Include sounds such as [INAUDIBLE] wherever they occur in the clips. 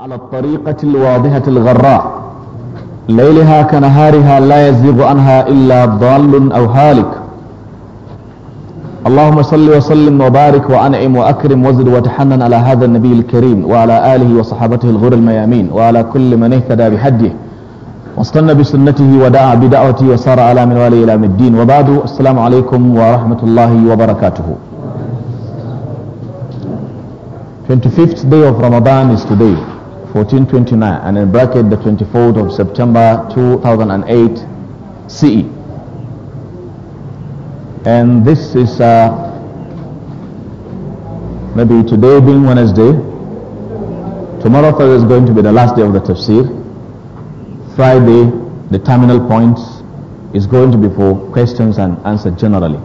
على الطريقة الواضحة الغراء ليلها كنهارها لا يزيغ عنها إلا ضال أو هالك اللهم صل وسلم وبارك وأنعم وأكرم وزد وتحنن على هذا النبي الكريم وعلى آله وصحابته الغر الميامين وعلى كل من اهتدى بحده واستنى بسنته ودعا بدعوته وسار على من والي إلى الدين وبعد السلام عليكم ورحمة الله وبركاته 25th day of Ramadan is today 1429 and in bracket the 24th of September 2008 CE. And this is uh, maybe today being Wednesday. Tomorrow Thursday is going to be the last day of the tafsir. Friday, the terminal point is going to be for questions and answers generally.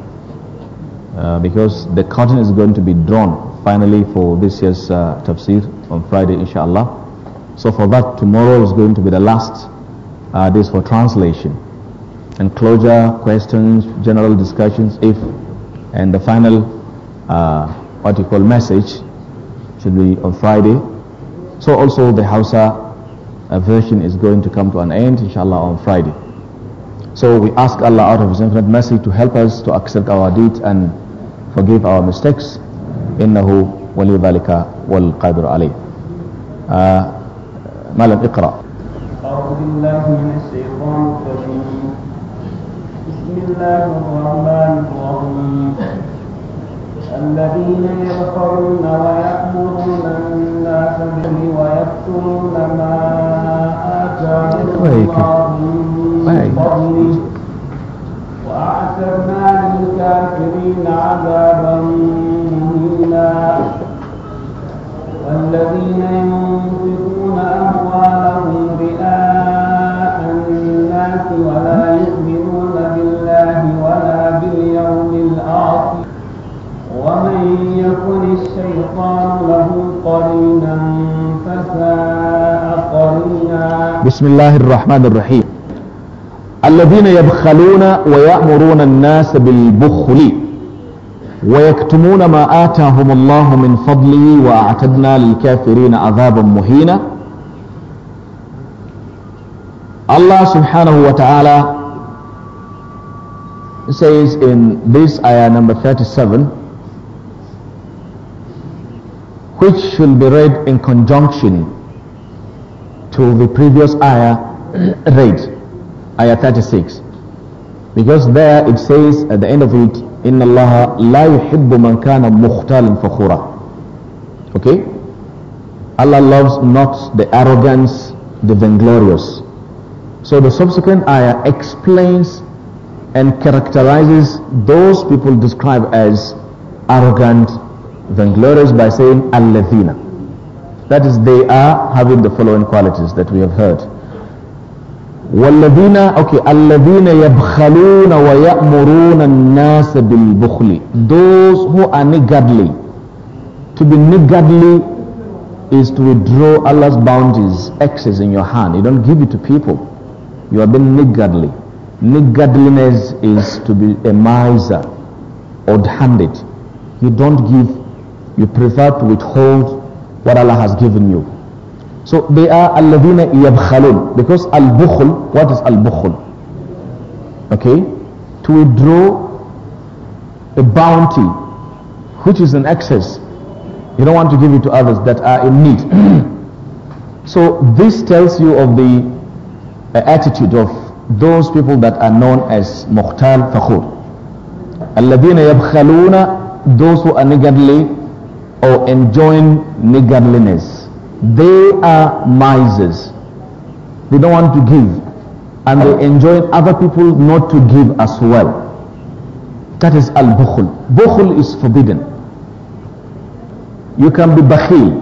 Uh, because the curtain is going to be drawn finally for this year's uh, tafsir on Friday, inshallah. So for that, tomorrow is going to be the last uh, days for translation and closure, questions, general discussions, if, and the final uh, what you call message should be on Friday. So also the Hausa uh, version is going to come to an end, inshallah, on Friday. So we ask Allah out of His infinite mercy to help us to accept our deeds and forgive our mistakes. إنه ولي ذلك والقادر عليه. Uh, مالا اقرأ أعوذ بالله من الشيطان الرجيم بسم الله الرحمن الرحيم الذين يبخلون ويأمرون الناس به ويكتمون ما آتاهم الله من فضله وأعتدنا للكافرين عذابا مهينا الذين ينفقون أموالهم رئاء الناس ولا يؤمنون بالله ولا باليوم الآخر ومن يكن الشيطان له قرينا فساء قرينا بسم الله الرحمن الرحيم الذين يبخلون ويأمرون الناس بالبخل ويكتمون ما آتاهم الله من فضله وأعتدنا للكافرين عذابا مهينا الله سبحانه وتعالى says in this ayah number 37 which should be read in conjunction to the previous ayah read ayah 36 because there it says at the end of it إن الله لا يحب من كان مختالا فخورا okay Allah loves not the arrogance the vainglorious so the subsequent ayah explains and characterizes those people described as arrogant vainglorious by saying alladhina that is they are having the following qualities that we have heard والذين okay الذين يبخلون ويأمرون الناس بالبخل those who are niggardly to be niggardly is to withdraw Allah's bounties excess in your hand you don't give it to people you are being niggardly niggardliness is to be a miser odd-handed you don't give you prefer to withhold what Allah has given you so they are alladhina yabkhalun. Because al bukhl what is al-bukhl? Okay? To withdraw a bounty which is an excess. You don't want to give it to others that are in need. [CLEARS THROAT] so this tells you of the uh, attitude of those people that are known as muhtal fakhur. Alladhina yabkhaluna, those who are niggardly or enjoying niggardliness. They are misers. They don't want to give. And they enjoin other people not to give as well. That is al-bukhul. Bukhul is forbidden. You can be bakhil.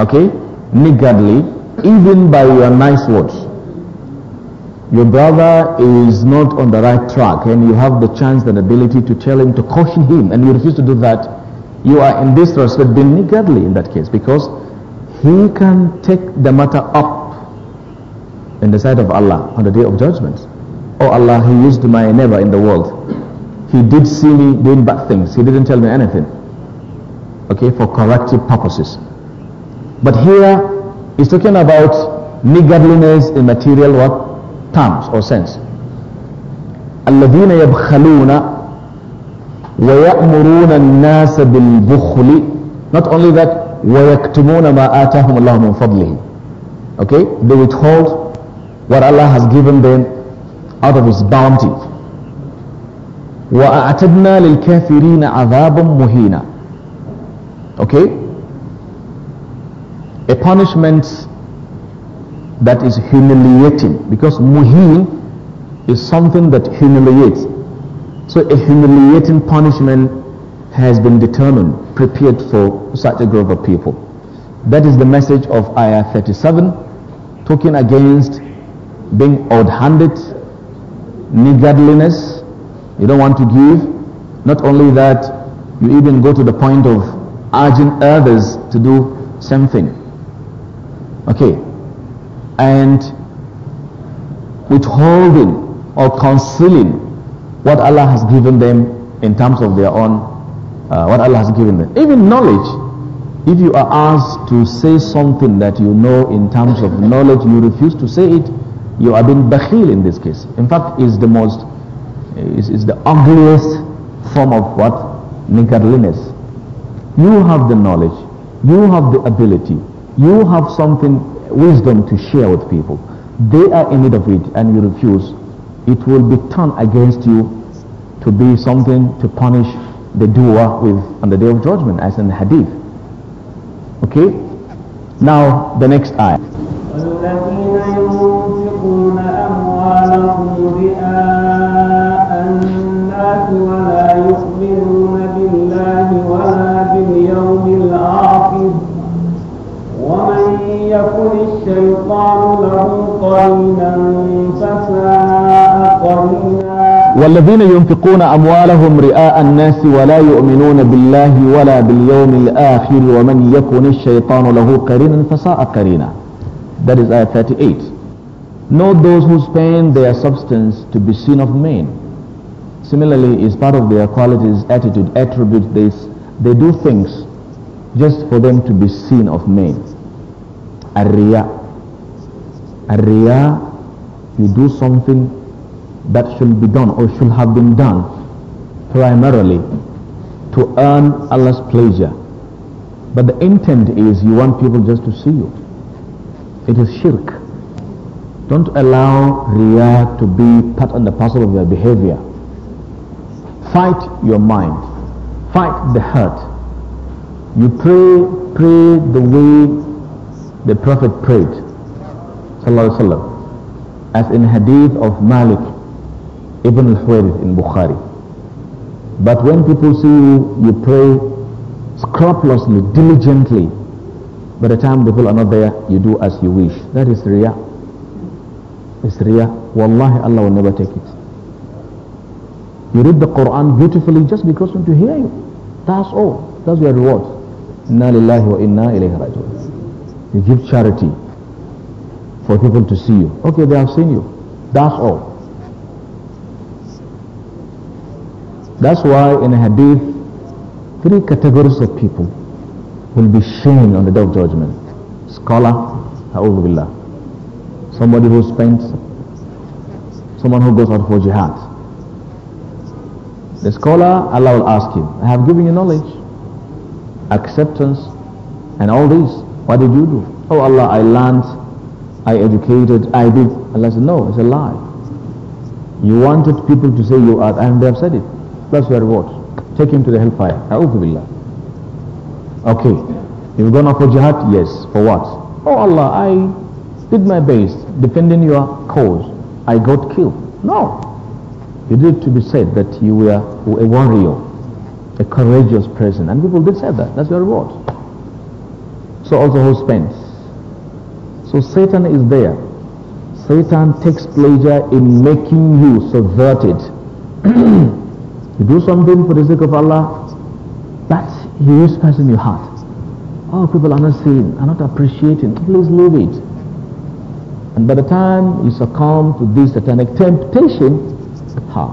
Okay? Niggardly. Even by your nice words. Your brother is not on the right track and you have the chance and ability to tell him, to caution him and you refuse to do that you are in distress with being niggardly in that case because he can take the matter up in the sight of Allah on the day of judgment. Oh Allah, he used my neighbor in the world. He did see me doing bad things. He didn't tell me anything. Okay, for corrective purposes. But here he's talking about niggardliness in material what terms or sense. الذين يبخلون ويأمرون الناس بالبخل not only that ويكتمون ما آتاهم الله من فضله okay they withhold what Allah has given them out of his bounty وأعتدنا للكافرين عذابا مهينا okay a punishment that is humiliating because muhin is something that humiliates So a humiliating punishment has been determined, prepared for such a group of people. That is the message of Ayah 37, talking against being odd-handed, niggardliness. You don't want to give. Not only that, you even go to the point of urging others to do something. Okay. And withholding or concealing what Allah has given them in terms of their own, uh, what Allah has given them. Even knowledge. If you are asked to say something that you know in terms of knowledge, you refuse to say it, you are being bakhil in this case. In fact, is the most, is, is the ugliest form of what? Niggardliness. You have the knowledge, you have the ability, you have something, wisdom to share with people. They are in need of it and you refuse it will be turned against you to be something to punish the doer with on the day of judgment as in the hadith okay now the next ayah يكن الشيطان له قرينا والذين ينفقون أموالهم رئاء الناس ولا يؤمنون بالله ولا باليوم الآخر ومن يكن الشيطان له قرينا فساء قرينا That is ayah 38 Note those who spend their substance to be seen of men Similarly, is part of their qualities, attitude, attribute, they, they do things just for them to be seen of men. Arriya. Arriya, you do something that should be done or should have been done primarily to earn Allah's pleasure. But the intent is you want people just to see you. It is shirk. Don't allow riyah to be part and parcel of your behavior. Fight your mind. Fight the heart. You pray, pray the way the Prophet prayed. Sallallahu Alaihi Wasallam. As in hadith of Malik Ibn al in Bukhari. But when people see you, you pray scrupulously, diligently. By the time the people are not there, you do as you wish. That is riya. It's riya. Wallahi, Allah will never take it. You read the Quran beautifully just because want to hear you. That's all. That's your reward. Inna lillahi wa inna ilayhi raji'un. You give charity for people to see you. Okay, they have seen you. That's all. That's why in a hadith, three categories of people will be shamed on the day of judgment. Scholar, Somebody who spends, someone who goes out for jihad. The scholar, Allah will ask him, I have given you knowledge, acceptance, and all this. What did you do? Oh Allah, I learned, I educated, I did. Allah said, no, it's a lie. You wanted people to say you are, and they have said it. That's your reward. Take him to the hellfire. A'udhu Okay. You're going for jihad? Yes. For what? Oh Allah, I did my best defending your cause. I got killed. No. You did to be said that you were a warrior, a courageous person. And people did say that. That's your reward. So also who spends? So Satan is there. Satan takes pleasure in making you subverted. [CLEARS THROAT] You do something for the sake of Allah, that you use in your heart. Oh, people are not seeing, are not appreciating. Please leave it. And by the time you succumb to this satanic temptation, ha,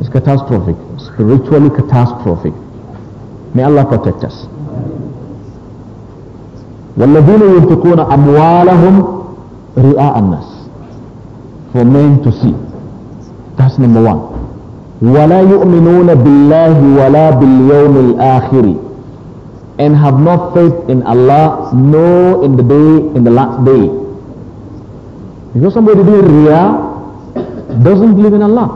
it's catastrophic, spiritually catastrophic. May Allah protect us. والذين ينفقون أموالهم رئاء الناس for men to see. That's number one. وَلَا يُؤْمِنُونَ بِاللَّهِ وَلَا بِالْيَوْمِ الْآخِرِ and have not faith in Allah, nor in the day, in the last day. You know somebody doing Riya doesn't believe in Allah.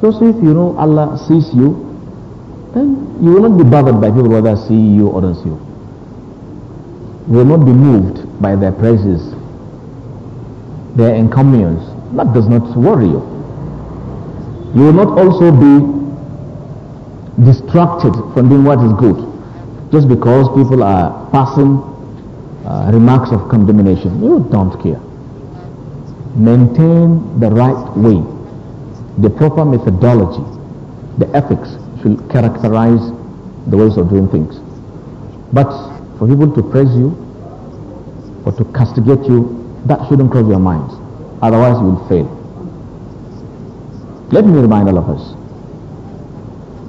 Because if you know Allah sees you, then you will not be bothered by people whether see you or don't see you. You will not be moved by their praises, their encomiums. That does not worry you you will not also be distracted from doing what is good just because people are passing uh, remarks of condemnation. You don't care. Maintain the right way, the proper methodology, the ethics should characterize the ways of doing things. But for people to praise you or to castigate you, that shouldn't cross your minds. Otherwise you will fail. Let me remind all of us,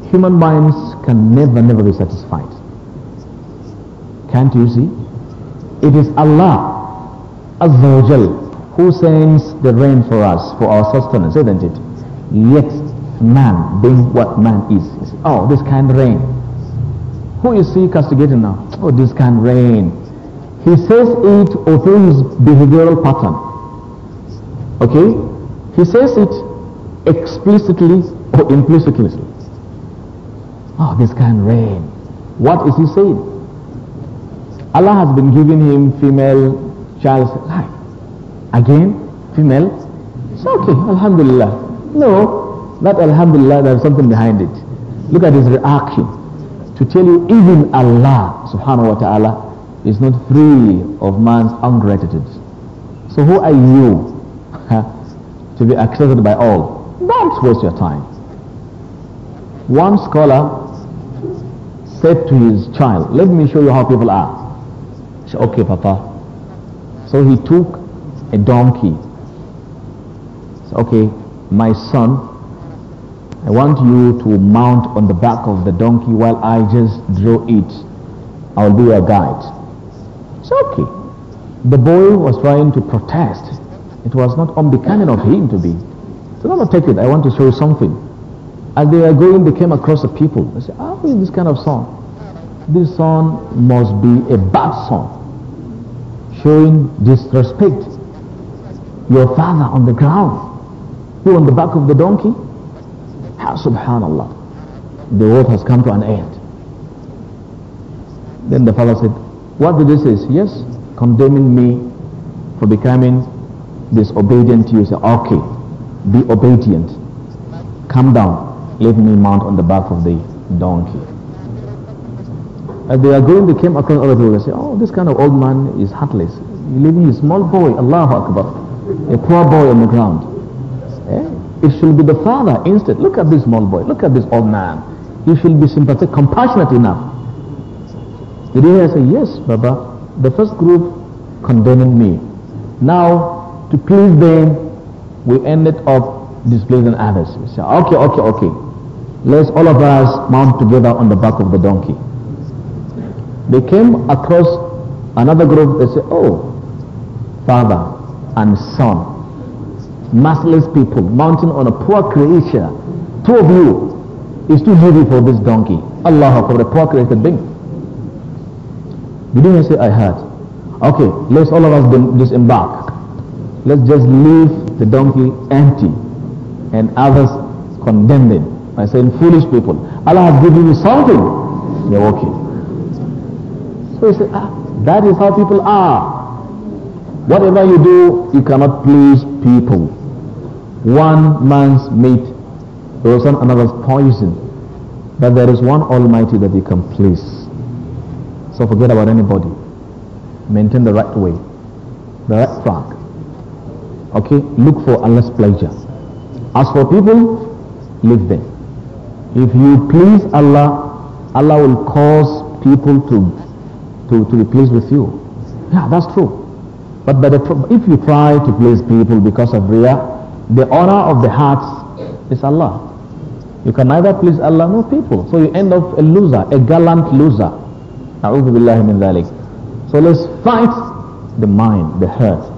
human minds can never, never be satisfied. Can't you see? It is Allah Azza wa who sends the rain for us, for our sustenance, isn't it? Yet man, being what man is, is oh, this kind of rain. Who is he castigating now? Oh, this kind of rain. He says it or through his behavioral pattern. Okay? He says it explicitly or implicitly. Oh, this can rain. What is he saying? Allah has been giving him female child's life. Again, female. It's okay, Alhamdulillah. No, not Alhamdulillah, there's something behind it. Look at his reaction. To tell you, even Allah subhanahu wa ta'ala is not free of man's ungratitude. So who are you [LAUGHS] to be accepted by all? Don't waste your time. One scholar said to his child, let me show you how people are. He said, okay, Papa. So he took a donkey. He said, okay, my son, I want you to mount on the back of the donkey while I just draw it. I'll be your guide. It's okay. The boy was trying to protest. It was not unbecoming of him to be so no, no, take it. I want to show you something. As they were going, they came across the people. They said, how ah, is this kind of song? This song must be a bad song showing disrespect. Your father on the ground, you on the back of the donkey. Ah, subhanallah. The world has come to an end. Then the father said, What did this is? Yes, condemning me for becoming disobedient to you. Say, okay, be obedient. Come down. Let me mount on the back of the donkey. As they are going, they came across other people. They say, oh, this kind of old man is heartless. Leaving a small boy, Allahu Akbar, a poor boy on the ground. Eh? It should be the father instead. Look at this small boy. Look at this old man. You should be sympathetic, compassionate enough. The leader say, yes, Baba. The first group condemning me. Now, to please them, we ended up displeasing others. We say, okay, okay, okay. Let's all of us mount together on the back of the donkey. They came across another group. They said, oh, father and son, massless people mounting on a poor creature. Two of you is too heavy for this donkey. Allah for the poor created being. Didn't say I heard? Okay, let's all of us disembark. Let's just leave the donkey empty and others condemned it by saying foolish people Allah has given you something they're walking so he said ah, that is how people are whatever you do you cannot please people one man's meat some another's poison but there is one almighty that you can please so forget about anybody maintain the right way the right track Okay, look for Allah's pleasure. As for people, leave them. If you please Allah, Allah will cause people to to, to be pleased with you. Yeah, that's true. But by the, if you try to please people because of Riya, the honor of the hearts is Allah. You can neither please Allah nor people. So you end up a loser, a gallant loser. So let's fight the mind, the heart.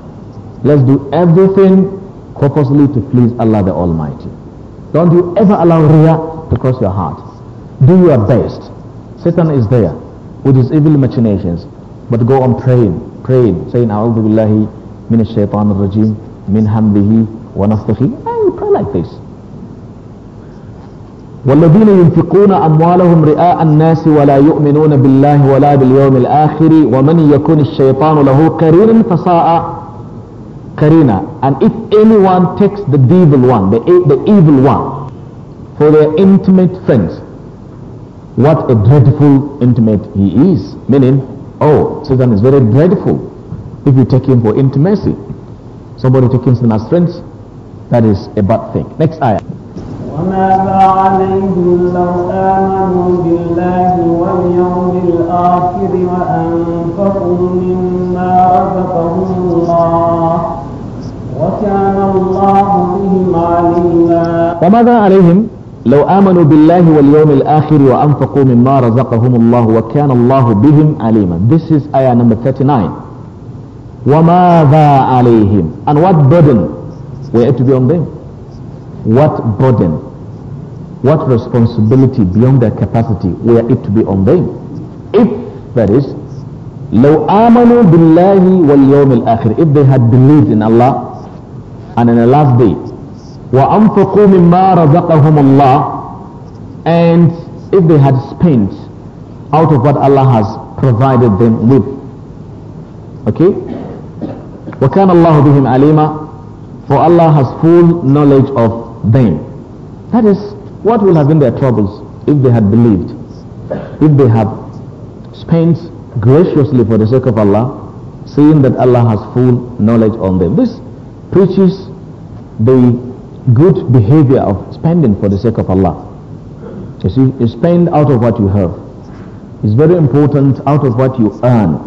Let's do everything purposely to please Allah the Almighty. Don't you ever allow ria to cross your heart. Do your best. Satan is there with his evil machinations. But go on praying, praying, saying, A'udhu billahi min shaitan rajim min hamdihi wa nastahi. And pray like this. والذين ينفقون أموالهم رئاء الناس ولا يؤمنون بالله ولا باليوم الآخر ومن يكون الشيطان له قرينا فساء Karina. And if anyone takes the devil one, the, the evil one, for their intimate friends, what a dreadful intimate he is. Meaning, oh, Satan is very dreadful if you take him for intimacy. Somebody takes him as friends, that is a bad thing. Next ayah. وما لو آمنوا بالله واليوم الآخر وأنفقوا مما رزقهم الله وكان وماذا عليهم لو آمنوا بالله واليوم الآخر وأنفقوا مما رزقهم الله وكان الله بهم عليما This is ayah number 39 وماذا عليهم and what burden were it to be on them what burden what responsibility beyond their capacity were it to be on them if that is لو آمنوا بالله واليوم الآخر if they had believed in Allah and in the last day. وَأَنفِقُوا مِمَّا رَزَقَهُمُ اللَّهُ And if they had spent out of what Allah has provided them with. Okay? وَكَانَ اللَّهُ بِهِمْ عَلِيمًا For Allah has full knowledge of them. That is what will have been their troubles if they had believed. If they had spent graciously for the sake of Allah, seeing that Allah has full knowledge on them. This preaches the good behavior of spending for the sake of Allah. You see, you spend out of what you have. It's very important out of what you earn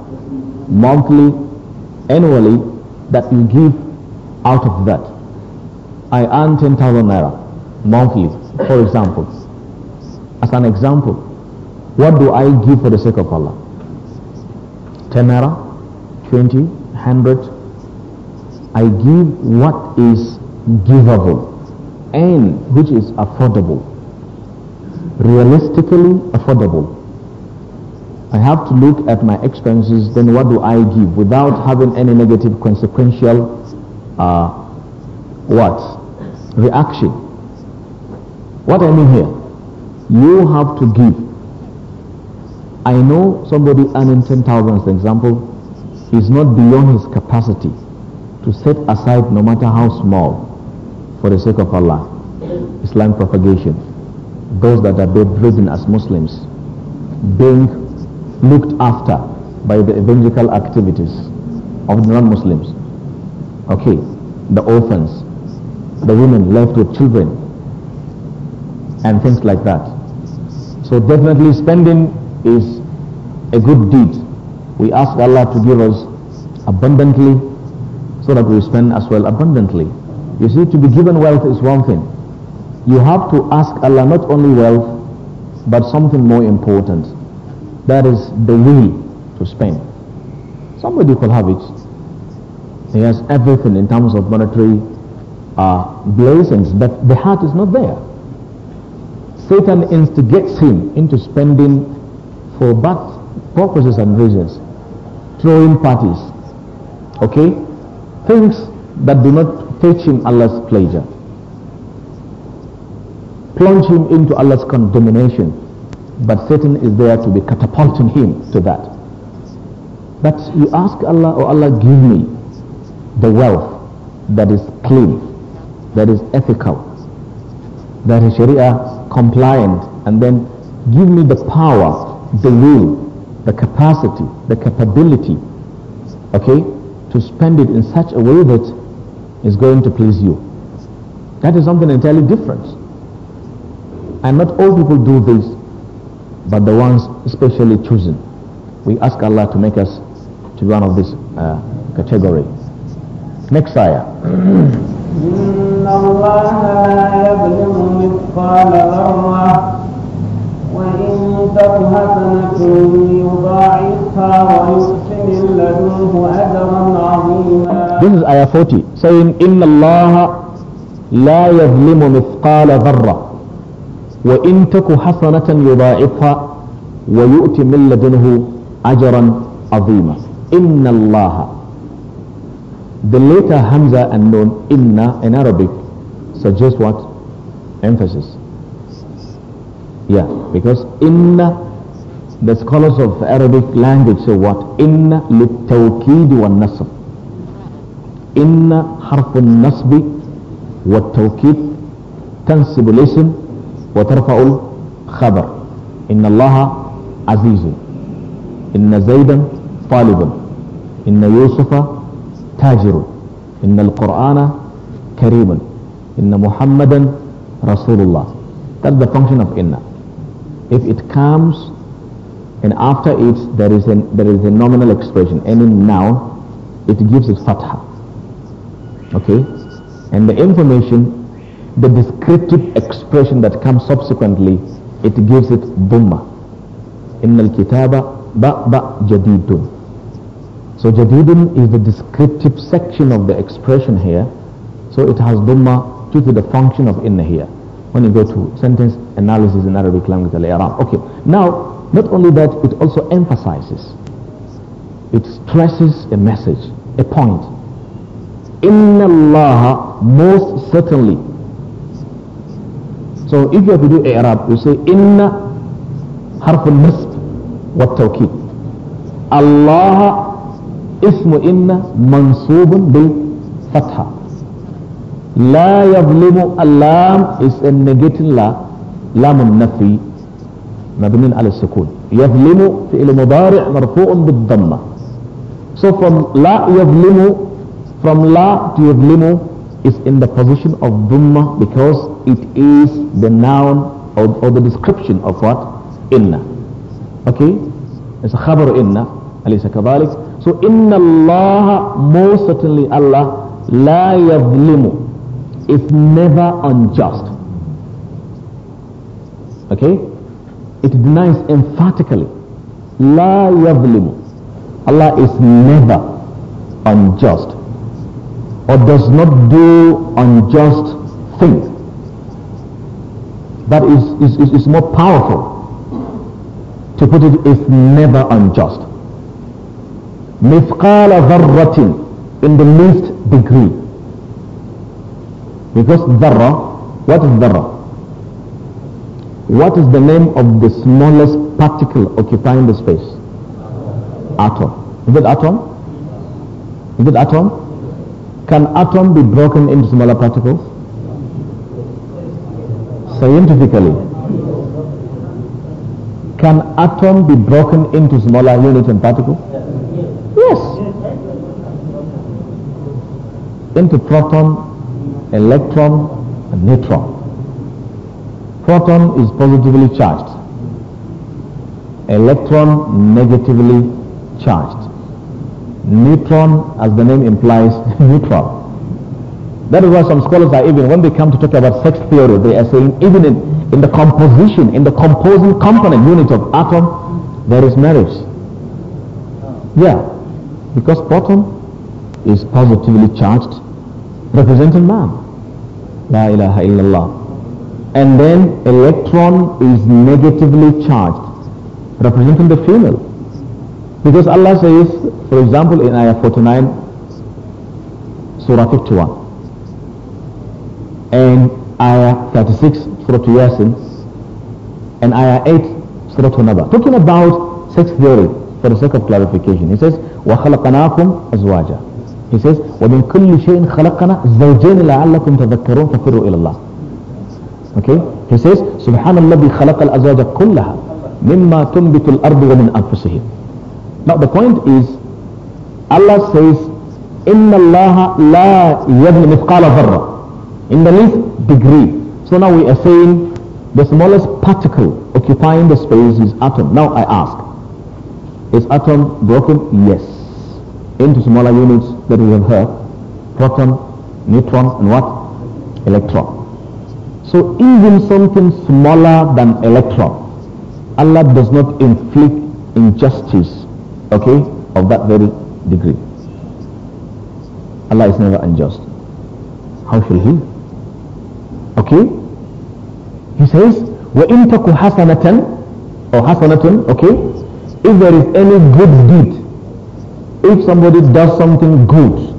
monthly, annually, that you give out of that. I earn 10,000 naira monthly, for example. As an example, what do I give for the sake of Allah? 10 naira, 20, 100. I give what is givable and which is affordable. Realistically affordable. I have to look at my expenses, then what do I give without having any negative consequential uh, what? Reaction. What I mean here, you have to give. I know somebody earning 10,000, for example, is not beyond his capacity to set aside, no matter how small, for the sake of Allah, Islam propagation, those that are bedridden as Muslims, being looked after by the evangelical activities of the non-Muslims. Okay, the orphans, the women left with children, and things like that. So definitely spending is a good deed. We ask Allah to give us abundantly so that we spend as well abundantly. You see, to be given wealth is one thing. You have to ask Allah not only wealth, but something more important. That is the will to spend. Somebody could have it. He has everything in terms of monetary uh, blessings, but the heart is not there. Satan instigates him into spending for bad purposes and reasons, throwing parties, okay, things that do not fetch him Allah's pleasure. Plunge him into Allah's condemnation. But Satan is there to be catapulting him to that. But you ask Allah, oh Allah, give me the wealth that is clean, that is ethical, that is Sharia compliant, and then give me the power, the will, the capacity, the capability, okay, to spend it in such a way that is going to please you. That is something entirely different. And not all people do this, but the ones specially chosen. We ask Allah to make us to be one of this uh, category. Next ayah. وإن تك حسنة يضاعفها لدنه أجرا عظيما This is ayah 40 saying إن الله لا يظلم مثقال ذرة وإن تك حسنة يضاعفها ويؤتي من لدنه أجرا عظيما إن الله The later Hamza and Inna in Arabic suggests what? Emphasis. Yeah, because Inna the scholars of Arabic language say what? إن للتوكيد والنصب إن حرف النصب والتوكيد تنصب الاسم وترفع الخبر إن الله عزيز إن زيدا طالب إن يوسف تاجر إن القرآن كريم إن محمدا رسول الله That's the function of inna. If it comes and after it there is a, there is a nominal expression And in noun it gives it fatha okay and the information the descriptive expression that comes subsequently it gives it In innal kitaba ba ba jadidun so jadidun is the descriptive section of the expression here so it has dhamma due to the function of inna here when you go to sentence analysis in Arabic language okay now not only that, it also emphasizes, it stresses a message, a point. Inna Allah most certainly. So if you have to do Arab, you say Inna حرف النصب Allah الله اسم mansubun منصوب fatha. La yablimu Allah is a negating la لام nafi. مبنين على السكون يظلم فعل مضارع مرفوع بالضمة so from لا يظلم from لا to يظلم is in the position of dhamma because it is the noun or, or the description of what inna okay it's a خبر إن أليس كذلك so إن الله most certainly allah لا يظلم is never unjust okay it denies emphatically La yavlimu. Allah is never unjust or does not do unjust things. That is, is, is, more powerful. To put it, is never unjust. مثقال ذرة in the least degree. Because ذرة, what is ذرة? What is the name of the smallest particle occupying the space? Atom. Is it atom? Is it atom? Can atom be broken into smaller particles? Scientifically, can atom be broken into smaller units and particles? Yes. Into proton, electron, and neutron proton is positively charged, electron negatively charged, neutron, as the name implies, [LAUGHS] neutral. That is why some scholars are even, when they come to talk about sex theory, they are saying even in, in the composition, in the composing component unit of atom, there is marriage. Yeah, because proton is positively charged, representing man. La ilaha illallah and then electron is negatively charged representing the female because Allah says for example in ayah 49 surah 51 and ayah 36 surah Yasin and ayah 8 surah Naba talking about sex theory for the sake of clarification he says وَخَلَقَنَاكُمْ أَزْوَاجًا he says وَمِن كُلِّ شَيْءٍ خَلَقَنَا زَوْجَيْنِ لَعَلَّكُمْ تَذَكَّرُونَ فَفِرُّوا إِلَى اللَّهِ Okay? He says, سبحان الذي خلق الأزواج كلها مما تنبت الأرض ومن أنفسهم. Now the point is, Allah says, Inna الله la يبني مثقال ذرة. In the least degree. So now we are saying the smallest particle occupying the space is atom. Now I ask, is atom broken? Yes. Into smaller units that we have heard, proton, neutron, and what? Electron. So even something smaller than electron, Allah does not inflict injustice, okay, of that very degree. Allah is never unjust. How shall He? Okay? He says, وَإِن تَكُ حَسَنَةً or حَسَنَةٌ, okay? If there is any good deed, if somebody does something good,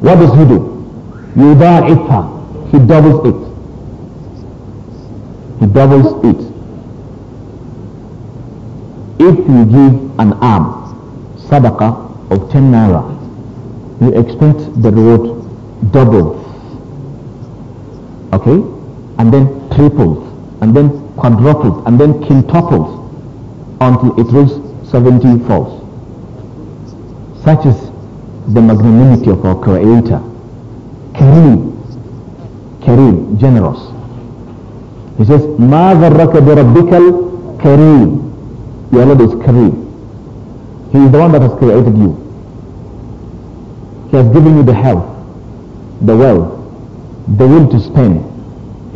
what does he do? يُضَاعِفَ He doubles it he doubles it. If you give an arm, Sabaka, of 10 naira, you expect the reward doubles, okay, and then triples, and then quadruples, and then quintuples until it reaches 70 folds. Such is the magnanimity of our Creator. Kareem, Kareem, generous. He says, مَا ذَرَّكَ بِرَبِّكَ Kareem." Your Lord is Kareem. He is the one that has created you. He has given you the health, the wealth, the will to spend.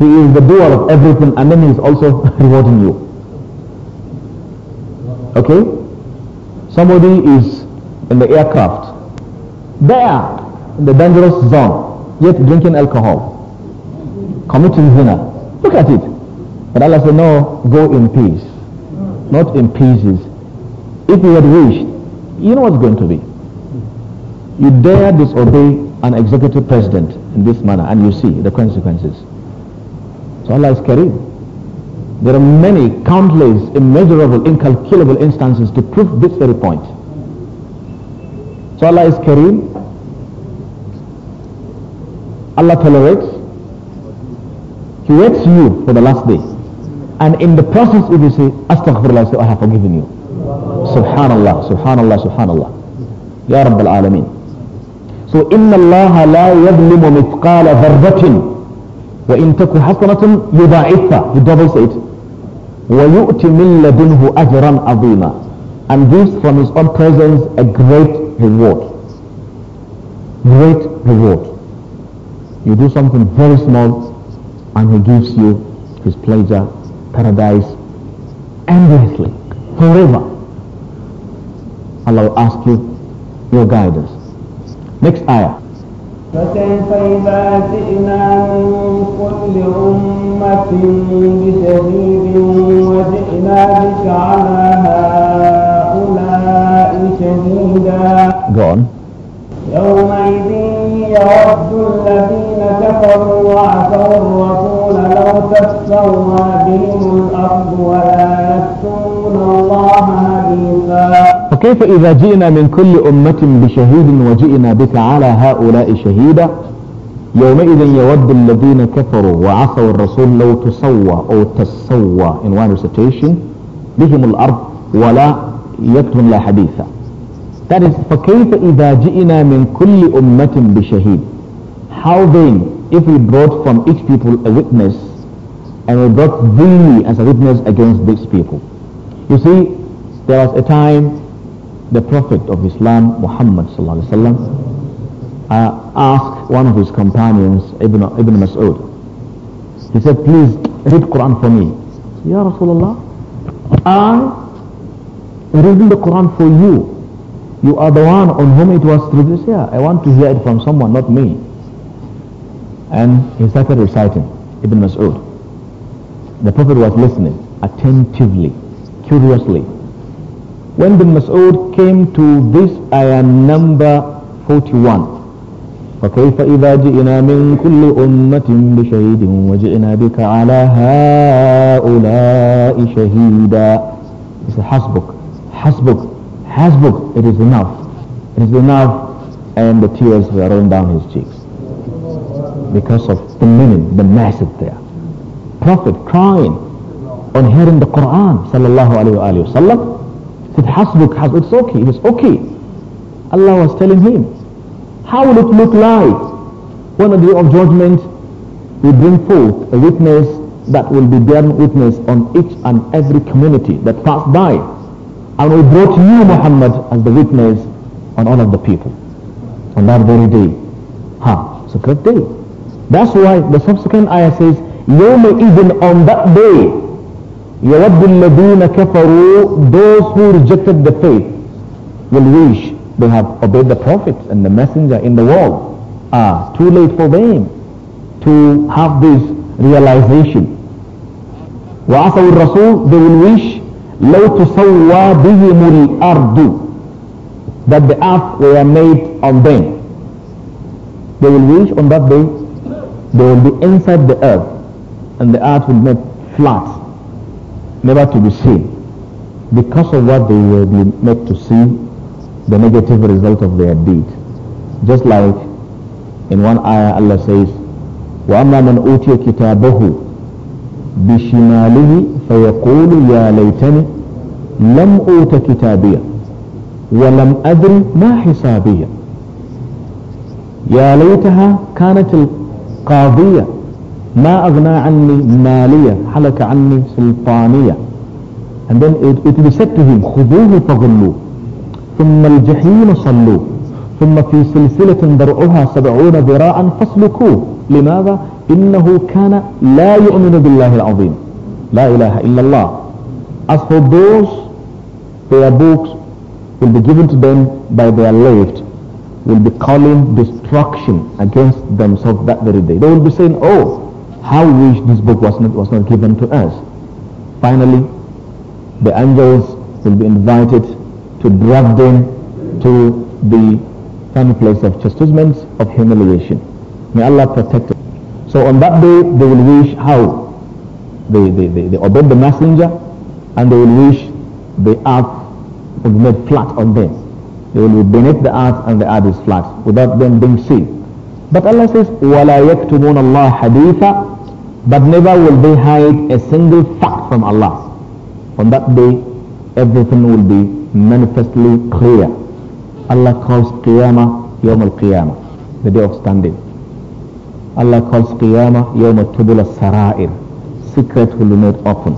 He is the doer of everything and then he is also [LAUGHS] rewarding you. Okay? Somebody is in the aircraft. There, in the dangerous zone, yet drinking alcohol, committing zina. Look at it. But Allah said, no, go in peace. Not in pieces. If you had wished, you know what's going to be. You dare disobey an executive president in this manner and you see the consequences. So Allah is Kareem. There are many, countless, immeasurable, incalculable instances to prove this very point. So Allah is Kareem. Allah tolerates. He waits you for the last day. And in the process, if you say, Astaghfirullah, say, I have forgiven you. Subhanallah, Subhanallah, Subhanallah. Ya Rabbi al-Alameen. So, Inna إِنَّ la لَا يَظْلِمُ مِثْقَالَ ذَرَّةٍ in تك حسنة يضاعفها he doubles it ويؤتي من لدنه أجرا abina," and gives from his own presence a great reward great reward you do something very small and he gives you his pleasure paradise endlessly, forever. Allah will ask you your guidance. Next ayah. فكيف إذا جئنا من كل أمة بشهيد وجئنا بك على هؤلاء شهيدا. Go on. يومئذ يود الذين كفروا وعصوا الرسول لو تستوى بهم الأرض ولا يكتمون الله حديثا فكيف إذا جئنا من كل أمة بشهيد وجئنا بك على هؤلاء شهيدا يومئذ يود الذين كفروا وعصوا الرسول لو تسوى أو تسوى in one recitation بهم الأرض ولا يكتم لا حديثا That is, فَكَيْفَ إِذَا جِئِنَا مِنْ كُلِّ أُمَّةٍ بِشَهِيدٍ How then, if we brought from each people a witness, and we brought thee as a witness against these people. You see, there was a time the Prophet of Islam, Muhammad sallallahu uh, asked one of his companions, Ibn, Ibn Mas'ud, he said, please read Quran for me. Ya Rasulullah, I reading the Quran for you. You are the one on whom it was triggered. Yeah, I want to hear it from someone, not me. And he started reciting Ibn Mas'ud. The Prophet was listening attentively, curiously. When Ibn Mas'ud came to this ayah number 41, فكيف إذا جئنا من كل أمة بشهيد وجئنا بك على هؤلاء شهيدا حسبك حسبك Hasbuk, it is enough. It is enough and the tears were rolling down his cheeks because of the meaning, the message there. Prophet crying on hearing the Quran sallallahu alayhi wa sallam said Hasbuk, has it's okay, it is okay. Allah was telling him, how will it look like when the day of judgment we bring forth a witness that will be bearing witness on each and every community that passed by and we brought you, Muhammad, as the witness on all of the people on that very day. Ha, it's a great day. That's why the subsequent ayah says, يوم even on that day, يود الذين كفروا, those who rejected the faith, will wish they have obeyed the prophets and the messenger in the world. Ah, too late for them to have this realization. وعصوا الرسول, they will wish لو تسوى بهم الأرض that the earth were made on them. They will reach on that day, they will be inside the earth, and the earth will be flat, never to be seen, because of what they will be made to see, the negative result of their deed. Just like in one ayah Allah says, وَأَمَّا مَنْ أُوتِيَ كِتَابَهُ بشماله فيقول يا ليتني لم أوت كتابيا ولم ادر ما حسابيا يا ليتها كانت القاضية ما أغنى عني مالية حلك عني سلطانية and then it, it will said to him خذوه فغلوه ثم الجحيم صلوه ثم في سلسلة درعها سبعون ذراعا فاسلكوه لماذا إنه كان لا يؤمن بالله العظيم لا إله إلا الله As for those, their books will be given to them by their left, will be calling destruction against themselves that very day. They will be saying, oh, how wish this book was not, was not given to us. Finally, the angels will be invited to drag them to the place of chastisement, of humiliation. May Allah protect them. So on that day, they will wish how? They, they, they, they obeyed the messenger and they will wish the earth was made flat on them. They will be beneath the earth and the earth is flat without them being seen. But Allah says, وَلَا يَكْتُمُونَ اللَّهَ حَدِيثًا But never will they hide a single fact from Allah. On that day, everything will be manifestly clear. Allah calls Qiyamah Yawm al-Qiyamah, the day of standing. Allah calls Qiyamah Yawm Tubul Sarair. Secret will be made open.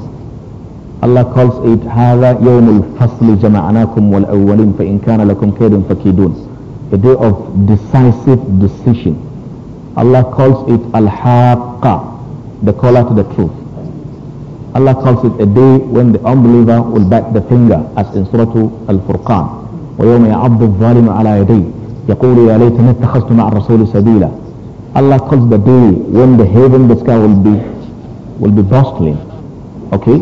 Allah calls it هذا يوم الفصل جمعناكم fa in كان لكم كيد فكيدون. A day of decisive decision. Allah calls it Al-Haqqa, the caller to the truth. Allah calls it a day when the unbeliever will bite the finger as in Surah Al-Furqan. ويوم يعض الظالم على يديه يقول يا ليتني اتخذت مع الرسول سبيلا Allah calls the day when the heaven, the sky will be, will be bustling, okay,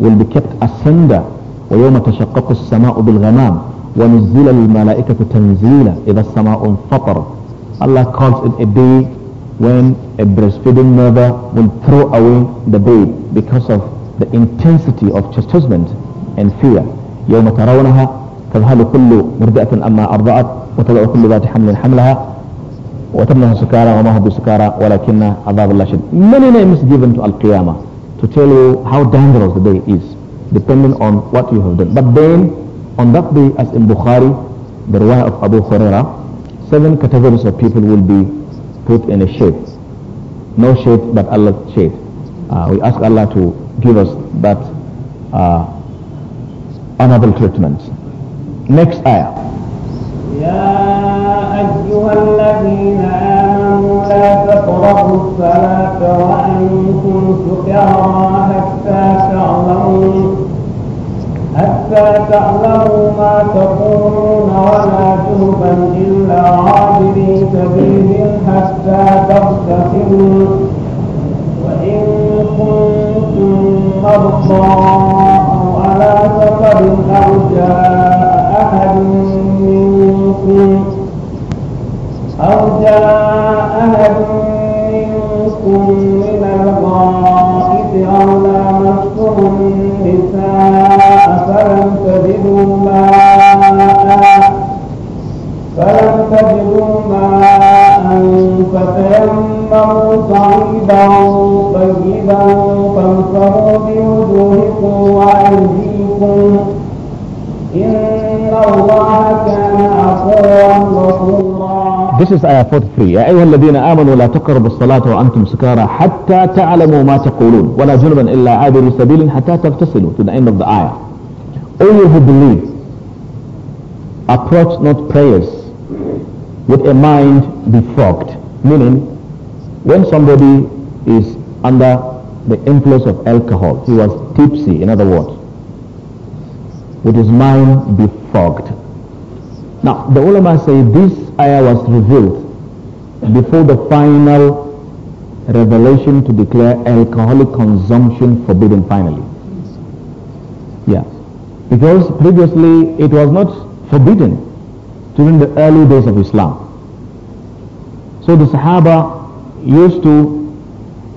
will be kept asunder. ويوم تشقق السماء بالغمام ونزل الملائكة تنزيلا إذا السماء انفطرت Allah calls it a day when a breastfeeding mother will throw away the babe because of the intensity of chastisement and fear يوم ترونها تذهل كل مرضعة أما أرضعت وتضع كل ذات حمل حملها وتمنه سكارى وما هو بسكارى ولكن عذاب الله شديد many names given to al-qiyamah to tell you how dangerous the day is depending on what you have done but then on that day as in Bukhari the riwayah of Abu Huraira seven categories of people will be put in a shade no shade but Allah's shade uh, we ask Allah to give us that uh, honorable treatment next ayah يا أيها الذين آمنوا لا تقربوا الصلاة وأنتم سكارى حتى تعلموا حتى تعلموا ما تقولون ولا جنبا إلا عابري سبيل حتى تغتسلوا وإن كنتم مرضى أو على سفر أو جاء أحد منكم ربي أو جاء أحد منكم من الغائب أو لامستم النساء فلم تجدوا ماء فلم تجدوا ماء فتيمموا صعيدا طيبا فامسحوا بوجوهكم وأيديكم إن This is ayah 43. يا أيها الذين آمنوا لا تقربوا الصلاة وأنتم سكارى حتى تعلموا ما تقولون ولا جنبا إلا عابر سبيل حتى تغتسلوا to the end of the ayah. All you who believe approach not prayers with a mind befogged. Meaning when somebody is under the influence of alcohol, he was tipsy in other words, with his mind befogged. Now, the ulama say this ayah was revealed before the final revelation to declare alcoholic consumption forbidden finally. Yeah. Because previously it was not forbidden during the early days of Islam. So the Sahaba used to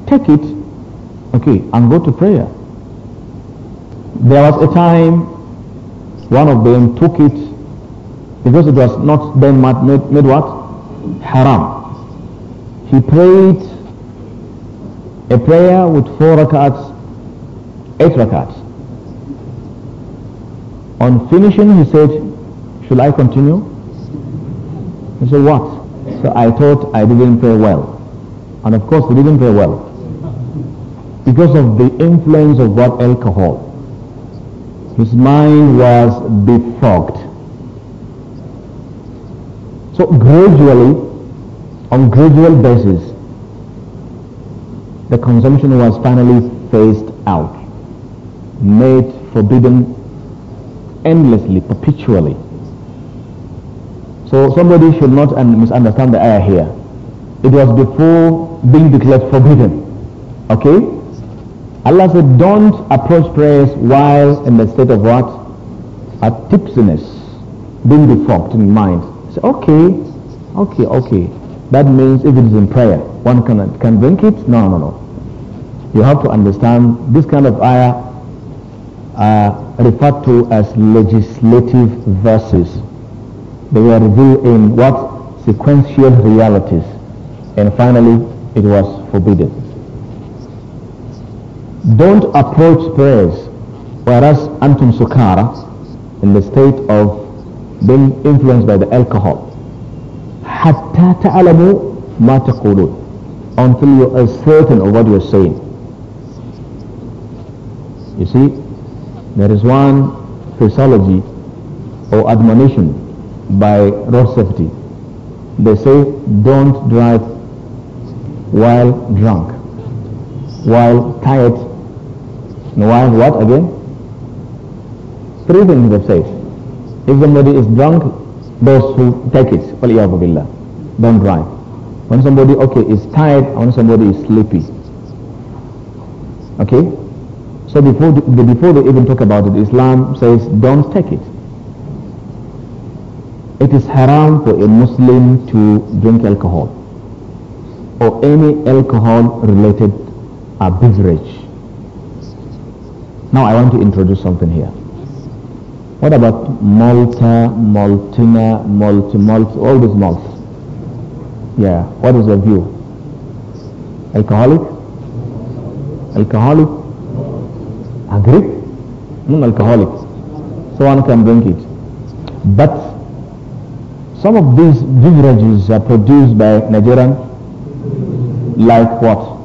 take it, okay, and go to prayer. There was a time one of them took it because it was not then made, made what? Haram. He prayed a prayer with four rakats, eight rakats. On finishing, he said, should I continue? He said, what? So I thought I didn't pray well. And of course, he didn't pray well. Because of the influence of what alcohol. His mind was befogged. So gradually, on gradual basis, the consumption was finally phased out, made forbidden endlessly, perpetually. So somebody should not misunderstand the ayah here. It was before being declared forbidden. Okay? Allah said, don't approach prayers while in the state of what? A tipsiness, being befogged in mind. Say, okay, okay, okay. That means if it is in prayer, one can, can drink it? No, no, no. You have to understand this kind of ayah are uh, referred to as legislative verses. They were revealed in what? Sequential realities. And finally, it was forbidden don't approach prayers whereas antum sukara in the state of being influenced by the alcohol حتى تعلموا ma تقولون until you are certain of what you're saying you see there is one phraseology or admonition by road safety they say don't drive while drunk while tired Nawaz what again? Three things they've said. If somebody is drunk, those who take it, don't drive. When somebody, okay, is tired, when somebody is sleepy. Okay? So before, the, before they even talk about it, Islam says don't take it. It is haram for a Muslim to drink alcohol or any alcohol related uh, beverage now I want to introduce something here. What about Malta, Maltina, Malt, Malt, all these malts? Yeah, what is your view? Alcoholic? Alcoholic? Agri? Non-alcoholic. So one can drink it. But some of these beverages are produced by Nigerian, like what?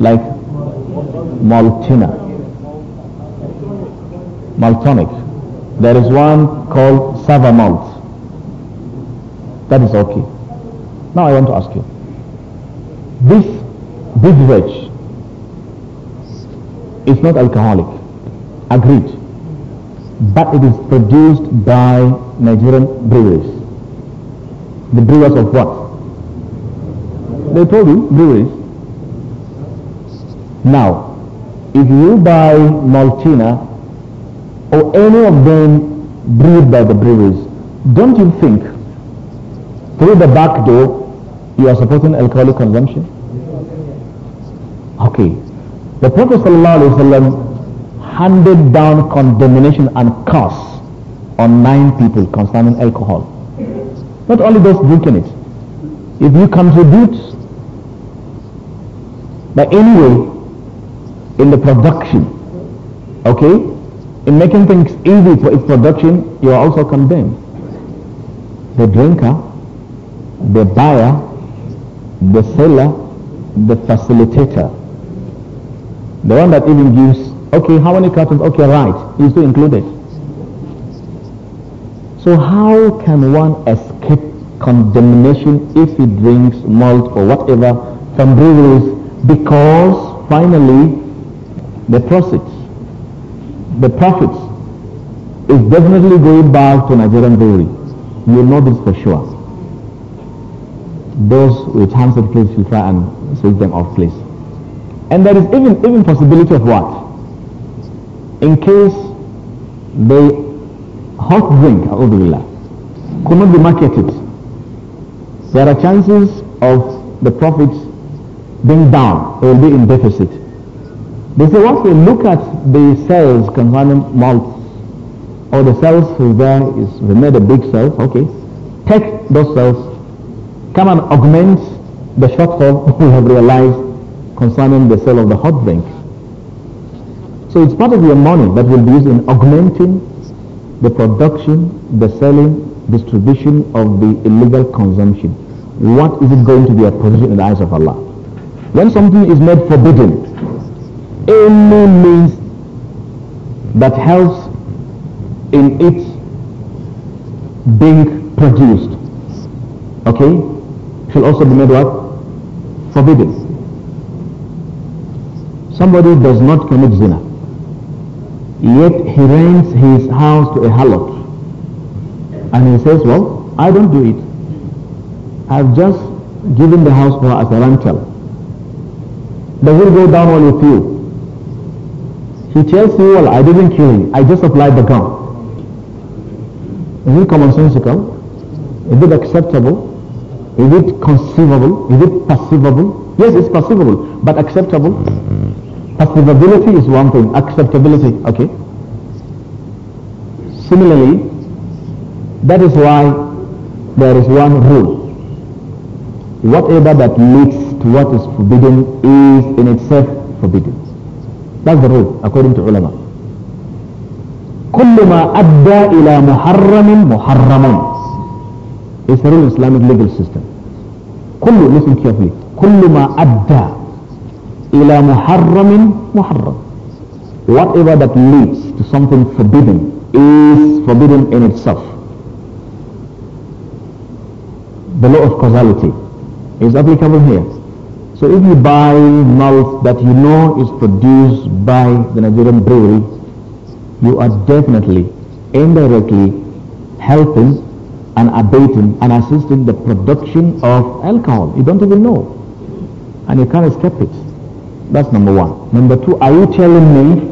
Like Maltina, maltonic. There is one called Savamalt. That is okay. Now I want to ask you, this beverage is not alcoholic, agreed, but it is produced by Nigerian breweries. The brewers of what? They told you, breweries. Now, if you buy Maltina or any of them brewed by the brewers, don't you think through the back door you are supporting alcoholic consumption? Okay. The Prophet ﷺ handed down condemnation and curse on nine people concerning alcohol. Not only those drinking it. If you contribute by any way in the production. Okay? In making things easy for its production, you are also condemned. The drinker, the buyer, the seller, the facilitator. The one that even gives, okay, how many cartons? Okay, right. You still included. So how can one escape condemnation if he drinks malt or whatever from breweries? Because finally the prophets, the prophets is definitely going back to Nigerian glory. You know this for sure. Those with hands of place you try and switch them off, place. And there is even even possibility of what? In case the hot drink, alhamdulillah, could not be marketed, there are chances of the profits being down or will be in deficit. They say once we look at the cells concerning malt, or the cells is there is we made a big cell, okay. Take those cells, come and augment the shortfall [LAUGHS] we have realized concerning the sale of the hot drink. So it's part of your money that will be used in augmenting the production, the selling, distribution of the illegal consumption. What is it going to be a position in the eyes of Allah? When something is made forbidden, any means that helps in its being produced, okay, shall also be made what? Forbidden. Somebody does not commit zina, yet he rents his house to a harlot. And he says, well, I don't do it. I've just given the house for as a rental. Does it go down on with you? He tells you, well, I didn't kill him. I just applied the gun. Is it commonsensical? Is it acceptable? Is it conceivable? Is it perceivable? Yes, it's perceivable, but acceptable? Perceivability is one thing. Acceptability, okay. Similarly, that is why there is one rule. Whatever that leads to what is forbidden is in itself forbidden. That's the rule according to ulama. كل ما أدى إلى محرم محرم is the rule Islamic legal system. كل listen carefully كل ما أدى إلى محرم محرم whatever that leads to something forbidden is forbidden in itself. The law of causality is applicable here. So if you buy mouth that you know is produced by the Nigerian brewery, you are definitely indirectly helping and abating and assisting the production of alcohol. You don't even know. And you can't escape it. That's number one. Number two, are you telling me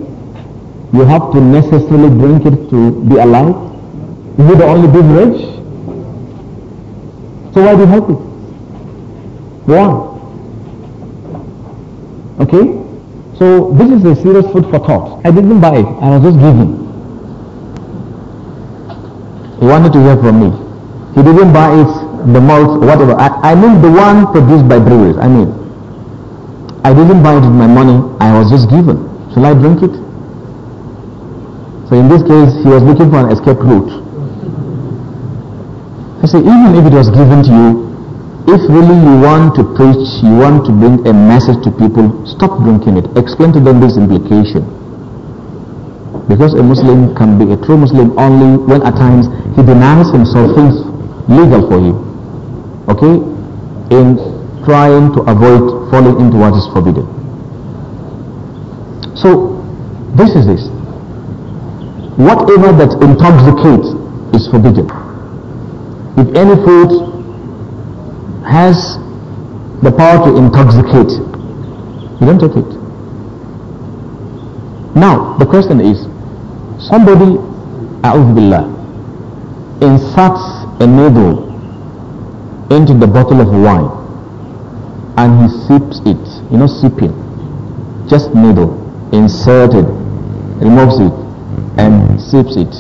you have to necessarily drink it to be alive? Is it the only beverage? So why do you help it? Why? Okay? So this is a serious food for thought. I didn't buy it. I was just given. He wanted to hear from me. He didn't buy it, the malt, whatever. I, I mean the one produced by breweries. I mean, I didn't buy it with my money. I was just given. Shall I drink it? So in this case, he was looking for an escape route. I say, even if it was given to you, if really you want to preach, you want to bring a message to people, stop drinking it. Explain to them this implication. Because a Muslim can be a true Muslim only when at times he denies himself things legal for him. Okay? In trying to avoid falling into what is forbidden. So, this is this. Whatever that intoxicates is forbidden. If any food has the power to intoxicate. You don't take it. Now, the question is, somebody, a'udhu billah, inserts a needle into the bottle of wine and he sips it, you know, sipping, just needle, inserted, removes it and sips it.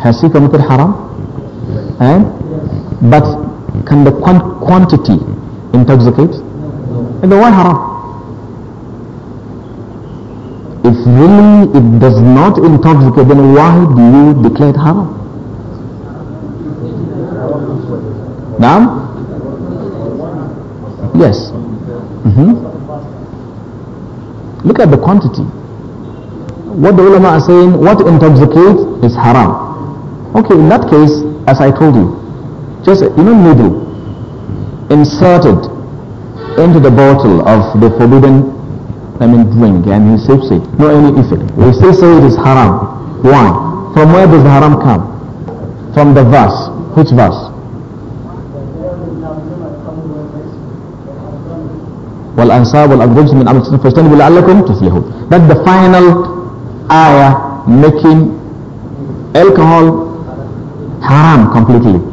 Has he committed haram? And, eh? But can the quantity intoxicate? And then why haram? If really it does not intoxicate, then why do you declare it haram? Now? Yes. Mm -hmm. Look at the quantity. What the ulama are saying, what intoxicates is haram. Okay, in that case, as I told you, just a you know, needle inserted into the bottle of the forbidden I mean drink and he sips it. No any effect. We still say it is haram. Why? From where does the haram come? From the verse. Which verse? والأنصاب والأزواج من أمر فاجتنبوا لعلكم تفلحون. That's the final ayah making alcohol haram completely.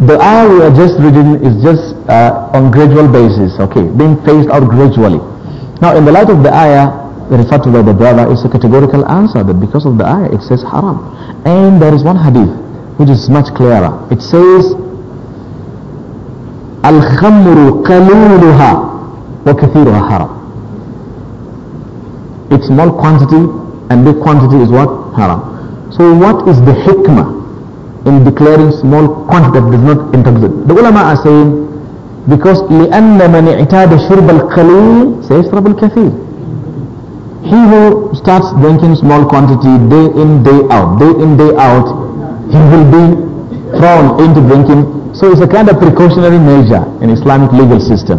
The ayah we are just reading is just uh, on gradual basis, okay, being phased out gradually. Now in the light of the ayah referred to by the brother, it's a categorical answer that because of the ayah it says haram. And there is one hadith which is much clearer. It says, الخمر قليلها وكثيرها haram. It's small quantity and big quantity is what? Haram. So what is the hikmah in declaring small quantity that does not intoxicate. The ulama are saying because لأن من اعتاد شرب القليل سيشرب الكثير. He who starts drinking small quantity day in day out, day in day out, he will be thrown into drinking. So it's a kind of precautionary measure in Islamic legal system.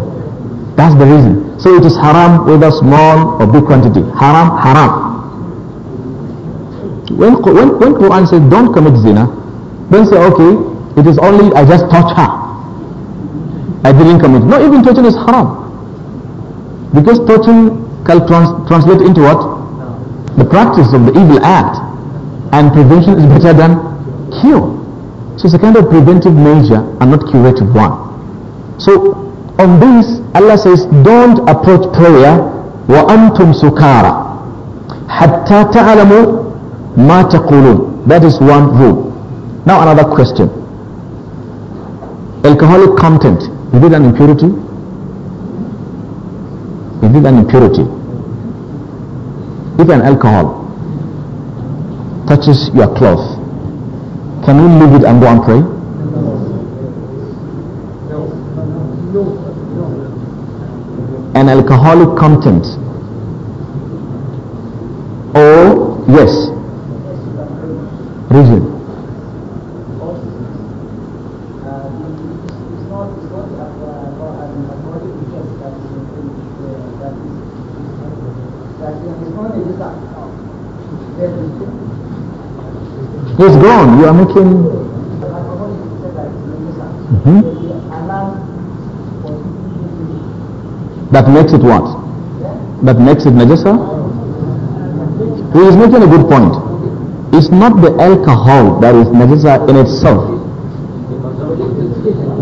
That's the reason. So it is haram whether small or big quantity. Haram, haram. When, when, when Quran says don't commit zina, don't say, okay, it is only I just touch her. I didn't commit. Not even touching is haram. Because touching can trans translate into what? The practice of the evil act. And prevention is better than cure. So it's a kind of preventive measure and not curative one. So on this, Allah says, don't approach prayer وَأَنْتُمْ سُكَارَ حَتَّى تَعْلَمُوا مَا تَقُولُونَ That is one rule. Now another question. Alcoholic content, is it an impurity? Is it an impurity? If an alcohol touches your cloth, can you leave it and go and pray? An alcoholic content. Oh, yes. Reason. You are making... Mm-hmm. That makes it what? That makes it najasa? He is making a good point. It's not the alcohol that is najasa in itself.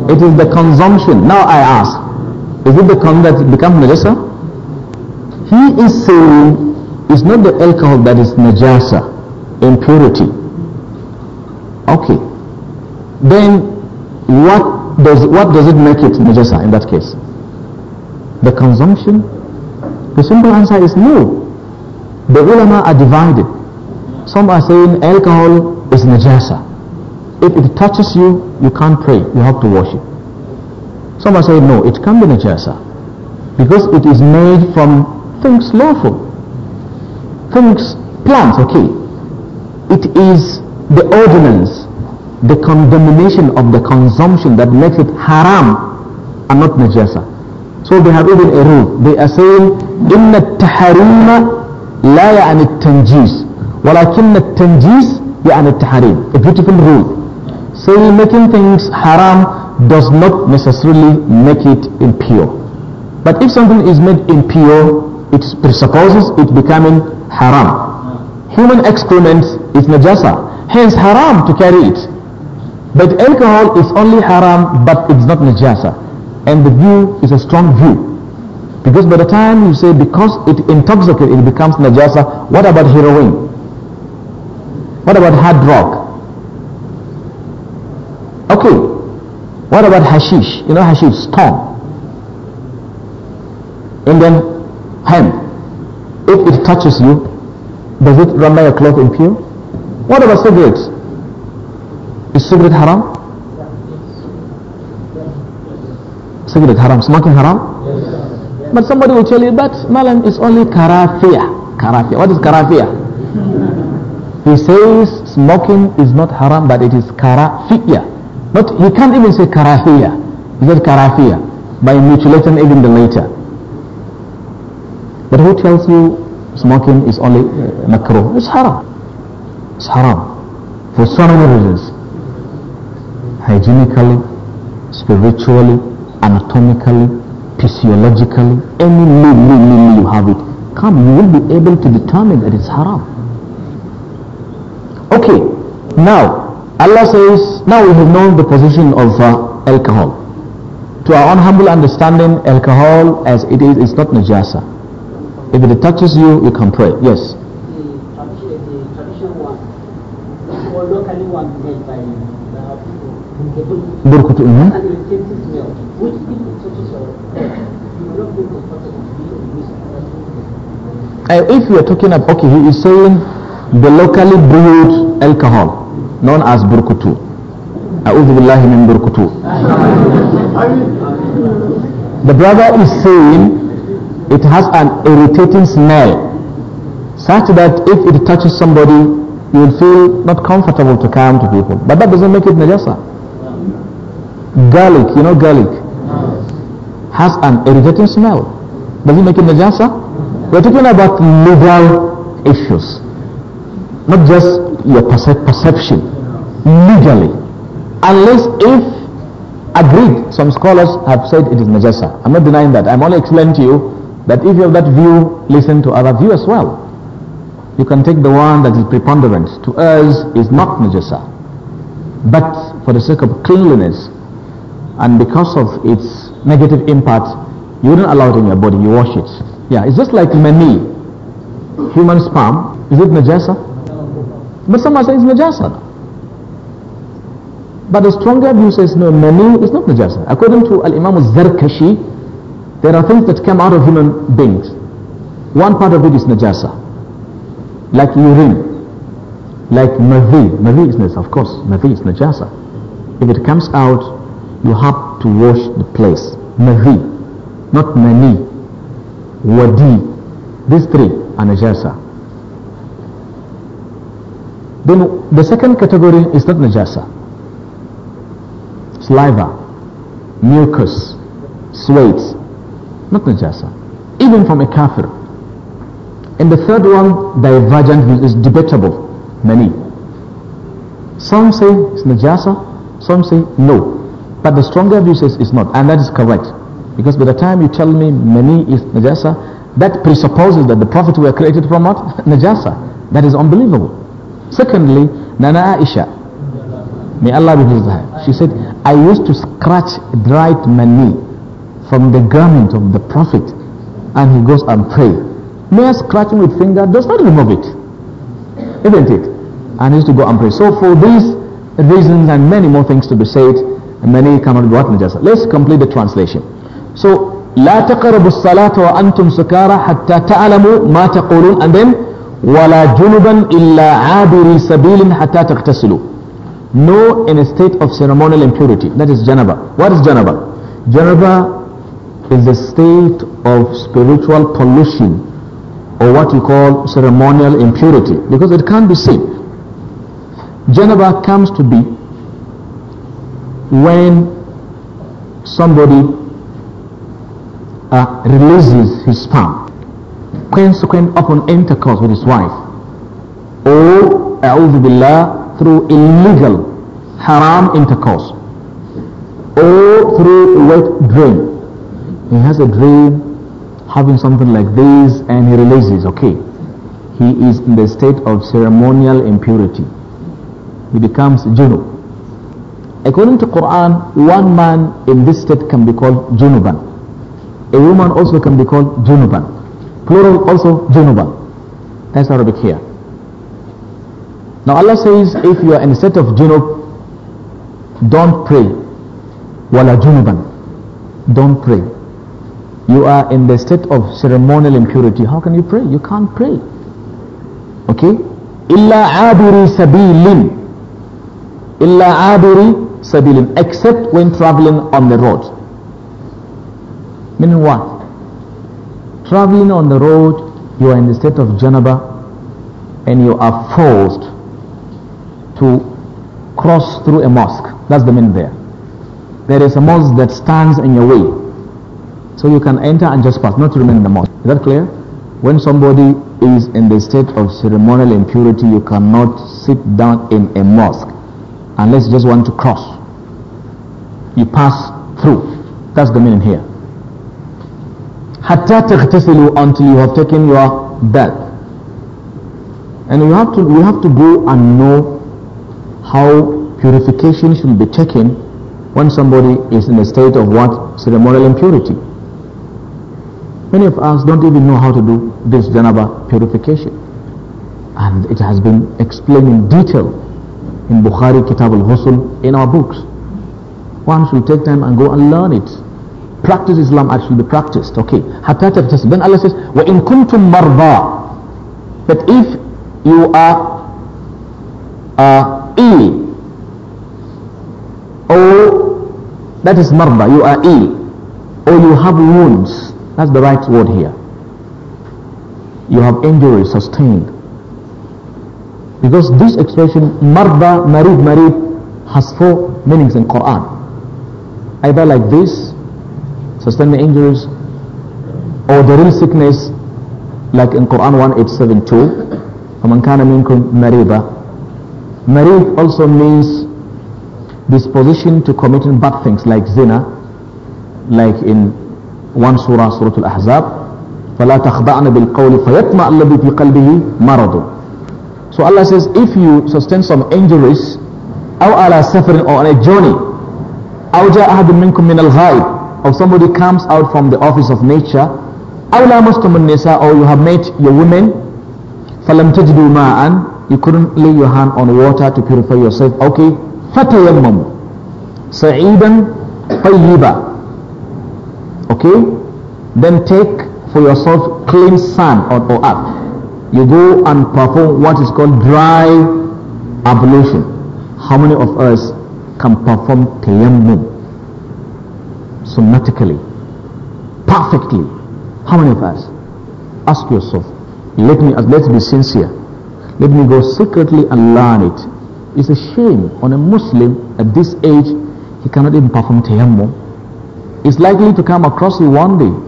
It is the consumption. Now I ask, is it the con that becomes najasa? He is saying it's not the alcohol that is najasa, impurity. Okay. Then what does what does it make it najasa in that case? The consumption? The simple answer is no. The ulama are divided. Some are saying alcohol is najasa. If it touches you, you can't pray. You have to wash it. Some are saying no, it can be najasa because it is made from things lawful, things plants. Okay, it is the ordinance, the condemnation of the consumption that makes it haram are not najasa. So they have even a rule. They are saying, إن التحريم لا يعني التنجيس ولكن التنجيس يعني التحريم. A beautiful rule. Saying making things haram does not necessarily make it impure. But if something is made impure, it presupposes it becoming haram. Human excrement is najasa. Hence haram to carry it. But alcohol is only haram but it's not najasa. And the view is a strong view. Because by the time you say because it intoxicates, it becomes najasa. What about heroin? What about hard rock? Okay. What about hashish? You know hashish, stone. And then hemp. If it touches you, does it render your cloth impure? What about cigarettes? Is cigarette haram? Cigarette haram, smoking haram? Yes. But somebody will tell you that Malam is only karafia. Karafia. What is karafia? He says smoking is not haram, but it is karafia. Not he can't even say karafia. He said karafia by mutilating even the later. But who tells you smoking is only makro? It's haram. It's haram for so many reasons. Hygienically, spiritually, anatomically, physiologically, any meaning you have it, come, you will be able to determine that it's haram. Okay, now Allah says, now we have known the position of uh, alcohol. To our own humble understanding, alcohol as it is, is not najasa. If it touches you, you can pray. Yes. burkutu and if you are talking about, okay, he is saying the locally brewed alcohol known as burkutu. أعوذ بالله من burkutu. the brother is saying it has an irritating smell such that if it touches somebody, you will feel not comfortable to come to people. But that doesn't make it najasa. Garlic, you know garlic, has an irritating smell. Does it make it najasa? We're talking about legal issues, not just your perception. Legally, unless if agreed, some scholars have said it is najasa. I'm not denying that. I'm only explaining to you that if you have that view, listen to other view as well. You can take the one that is preponderant. To us, is not najasa. But for the sake of cleanliness, and because of its negative impact, you would not allow it in your body, you wash it. Yeah, it's just like mani, human sperm. Is it najasa? But some are saying it's najasa. But the stronger view says no, mani is not najasa. According to Al-Imam al-Zarkashi, there are things that come out of human beings. One part of it is najasa, like urine, like madhi. Madhi is najasa, of course. Madhi is najasa. If it comes out you have to wash the place. Mahi, not mani, wadi. These three are najasa. Then the second category is not najasa. Saliva, mucus, sweat, not najasa. Even from a kafir. And the third one, divergent, is debatable. Many. Some say it's najasa, some say no. But the stronger view says it's not, and that is correct. Because by the time you tell me many is najasa, that presupposes that the Prophet were created from what? [LAUGHS] najasa. That is unbelievable. Secondly, Nana Aisha, may Allah be pleased with her, she said, I used to scratch dried mani from the garment of the Prophet, and he goes and pray. Mere scratching with finger does not remove it, isn't it? And he used to go and pray. So for these reasons and many more things to be said, many common brought najasa. Let's complete the translation. So, لا تقربوا الصلاة وأنتم سكارى حتى تعلموا ما تقولون and then ولا جنبا إلا عابري سبيل حتى تغتسلوا no in a state of ceremonial impurity that is janaba what is janaba janaba is a state of spiritual pollution or what you call ceremonial impurity because it can't be seen janaba comes to be when somebody uh, releases his sperm consequent upon intercourse with his wife or a'udhu billah through illegal haram intercourse or through wet dream he has a dream having something like this and he releases okay he is in the state of ceremonial impurity he becomes junub According to Quran, one man in this state can be called Junuban. A woman also can be called Junuban. Plural also Junuban. That's Arabic here. Now Allah says if you are in a state of Junub, don't pray. Wala Junuban. Don't pray. You are in the state of ceremonial impurity. How can you pray? You can't pray. Okay? Illa abiri sabilin. Illa abiri sabilin except when traveling on the road. Meaning what? Traveling on the road, you are in the state of Janaba and you are forced to cross through a mosque. That's the meaning there. There is a mosque that stands in your way. So you can enter and just pass, not remain in the mosque. Is that clear? When somebody is in the state of ceremonial impurity, you cannot sit down in a mosque unless you just want to cross. You pass through. That's the meaning here. Hatta until you have taken your bath. And you have to you have to go and know how purification should be taken when somebody is in a state of what ceremonial impurity. Many of us don't even know how to do this janaba purification. And it has been explained in detail in Bukhari, Kitab al-Husul, in our books. One should take time and go and learn it. Practice Islam actually be practiced. Okay. Then Allah says, وَإِن كُنْتُم مَرْضَى But if you are uh, ill, or that is marba, you are ill, or you have wounds, that's the right word here. You have injuries sustained because this expression, marda, marid, marid, has four meanings in Quran. Either like this, sustaining injuries, or the real sickness, like in Quran 1872, فَمَنْ كَانَ مِنْكُمْ Marid also means disposition to committing bad things like zina, like in one surah, Surah Al-Ahzab, فَلَا تَخْضَعْنَ بِالْقَوْلِ فَيَطْمَعَ الَّذِي فِي قَلْبِهِ مَرَضٌ so Allah says, if you sustain some injuries, or على suffering or on a journey, or جاء أحد منكم من الغائب, or somebody comes out from the office of nature, or you have met your women, falam تجدوا ma'an, you couldn't lay your hand on water to purify yourself. Okay, فتيمم سعيدا طيبا Okay, then take for yourself clean sand or, or earth you go and perform what is called dry ablution. How many of us can perform tayammum Somatically, perfectly? How many of us? Ask yourself. Let me let's be sincere. Let me go secretly and learn it. It's a shame on a Muslim at this age he cannot even perform tayammum. It's likely to come across you one day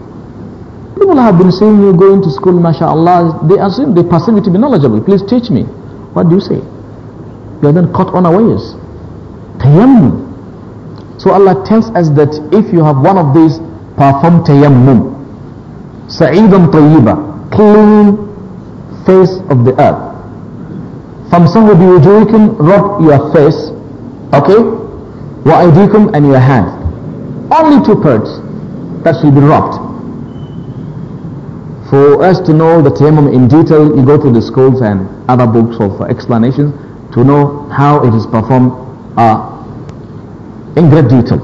People have been seeing you going to school, mashallah. They assume, they perceive you to be knowledgeable. Please teach me. What do you say? You are then caught unawares. Tayammum. So Allah tells us that if you have one of these, perform tayammum. Sa'idun tayyiba. Clean face of the earth. From you can Rub your face. Okay? وَأَيْدِيكُمْ And your hand. Only two parts that should be rubbed. For us to know the Tayammum in detail, you go to the schools and other books of explanations to know how it is performed uh, in great detail.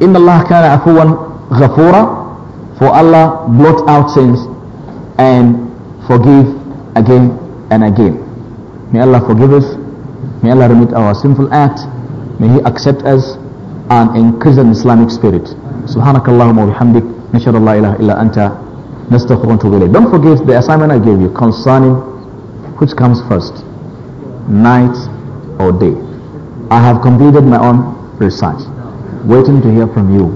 In Allah kana afuwan ghafura, for Allah blot out sins and forgive again and again. May Allah forgive us, may Allah remit our sinful act, may He accept us and increase the Islamic spirit. Subhanakallahumma wa وبحمدك نشهد الله إله Let's Don't forget the assignment I gave you concerning which comes first, night or day. I have completed my own research, waiting to hear from you.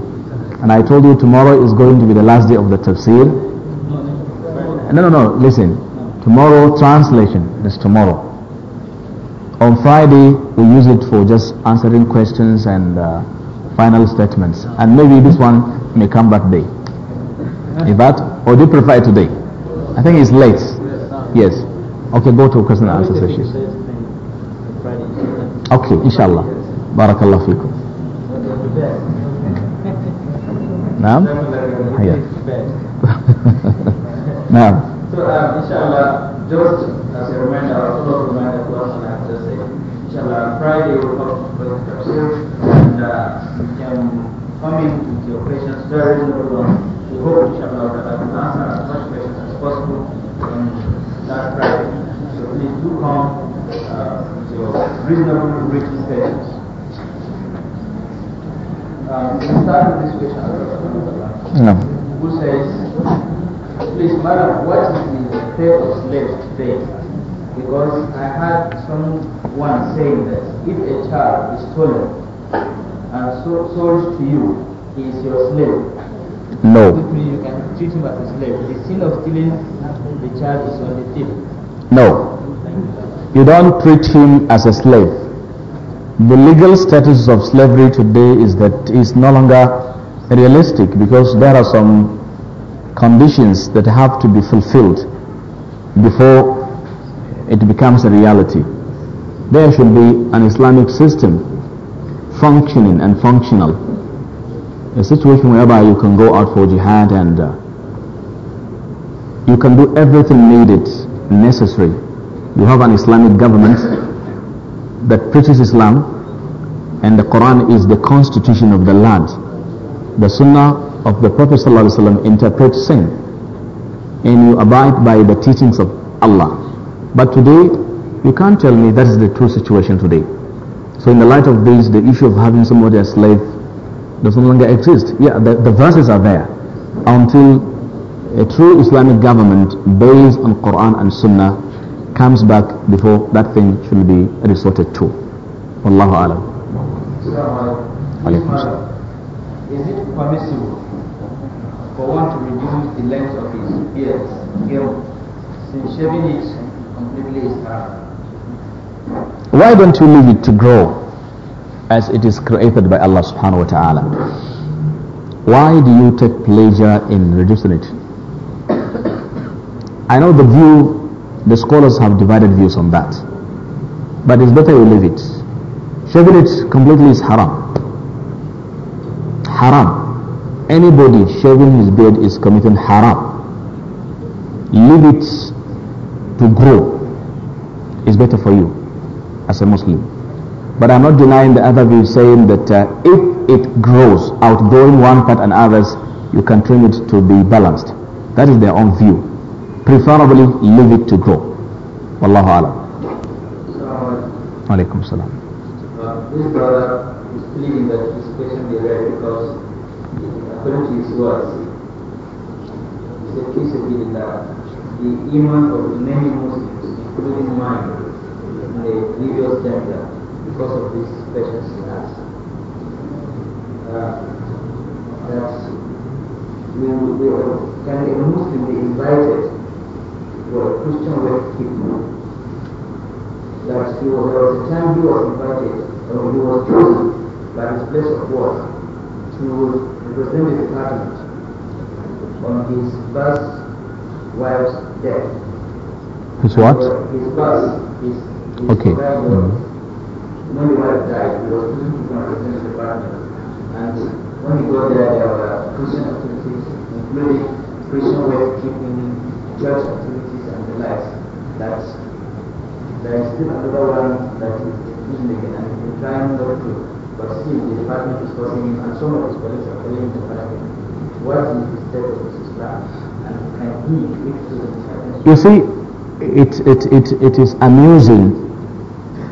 And I told you tomorrow is going to be the last day of the tafsir. No, no, no, listen. Tomorrow, translation is tomorrow. On Friday, we use it for just answering questions and uh, final statements. And maybe this one may come back day. If that or do you prefer today? I think it's late. Yes. Okay, go to question and answer session. Okay, inshallah. Barakallah fikum. Naam? Yeah. [LAUGHS] Naam. So, um, inshallah, just as a reminder, I'll also remind everyone I have inshallah, Friday we'll talk about uh, the and you can come in with your questions very no hope, inshallah, that I will answer as much questions as possible on that Friday. So please do come uh, with your reasonable written questions. Um, we start with this question. No. Who says, please, madam, what is the state of slaves today? Because I had someone saying that if a child is stolen and sold to you, he is your slave. No. you can treat him as a slave. The sin of stealing the child is on the No. You don't treat him as a slave. The legal status of slavery today is that it's no longer realistic because there are some conditions that have to be fulfilled before it becomes a reality. There should be an Islamic system functioning and functional a situation whereby you can go out for jihad and uh, you can do everything needed, necessary. You have an Islamic government that preaches Islam and the Quran is the constitution of the land. The Sunnah of the Prophet ﷺ interprets sin and you abide by the teachings of Allah. But today, you can't tell me that is the true situation today. So in the light of this, the issue of having somebody as slave does no longer exist. Yeah, the, the verses are there. Until a true Islamic government based on Quran and Sunnah comes back before that thing should be resorted to. Wallahu alam. Is it permissible for one to reduce the length of his beard, since shaving it completely is haram? Why don't you leave it to grow? as it is created by Allah subhanahu wa ta'ala. Why do you take pleasure in reducing it? I know the view, the scholars have divided views on that. But it's better you leave it. Shaving it completely is haram. Haram. Anybody shaving his beard is committing haram. Leave it to grow. It's better for you as a Muslim. But I'm not denying the other view saying that uh, if it grows outgrowing one part and others, you can train it to be balanced. That is their own view. Preferably leave it to grow. Wallahu alam. Alaykum salam. Uh, this brother is pleading that his question be read because apparently his words. He said, please agree that the iman of many Muslims, including mine, in the previous gender, because of these passions he has. Uh, that we, we can a Muslim be invited to a Christian wedding? That was, there was a time he was invited, or he was chosen by his place of work to represent the department on his first wife's death. His what? His first, his, his okay when the wife died, we were looking for a potential partner. And when we go there, there were Christian activities, including Christian way keeping church activities and the likes. That's there is still another one that is making and we're trying not to, but still the department is forcing him and some of his colleagues are telling the department what is the state of his Islam and can he You see, it, it, it, it is amusing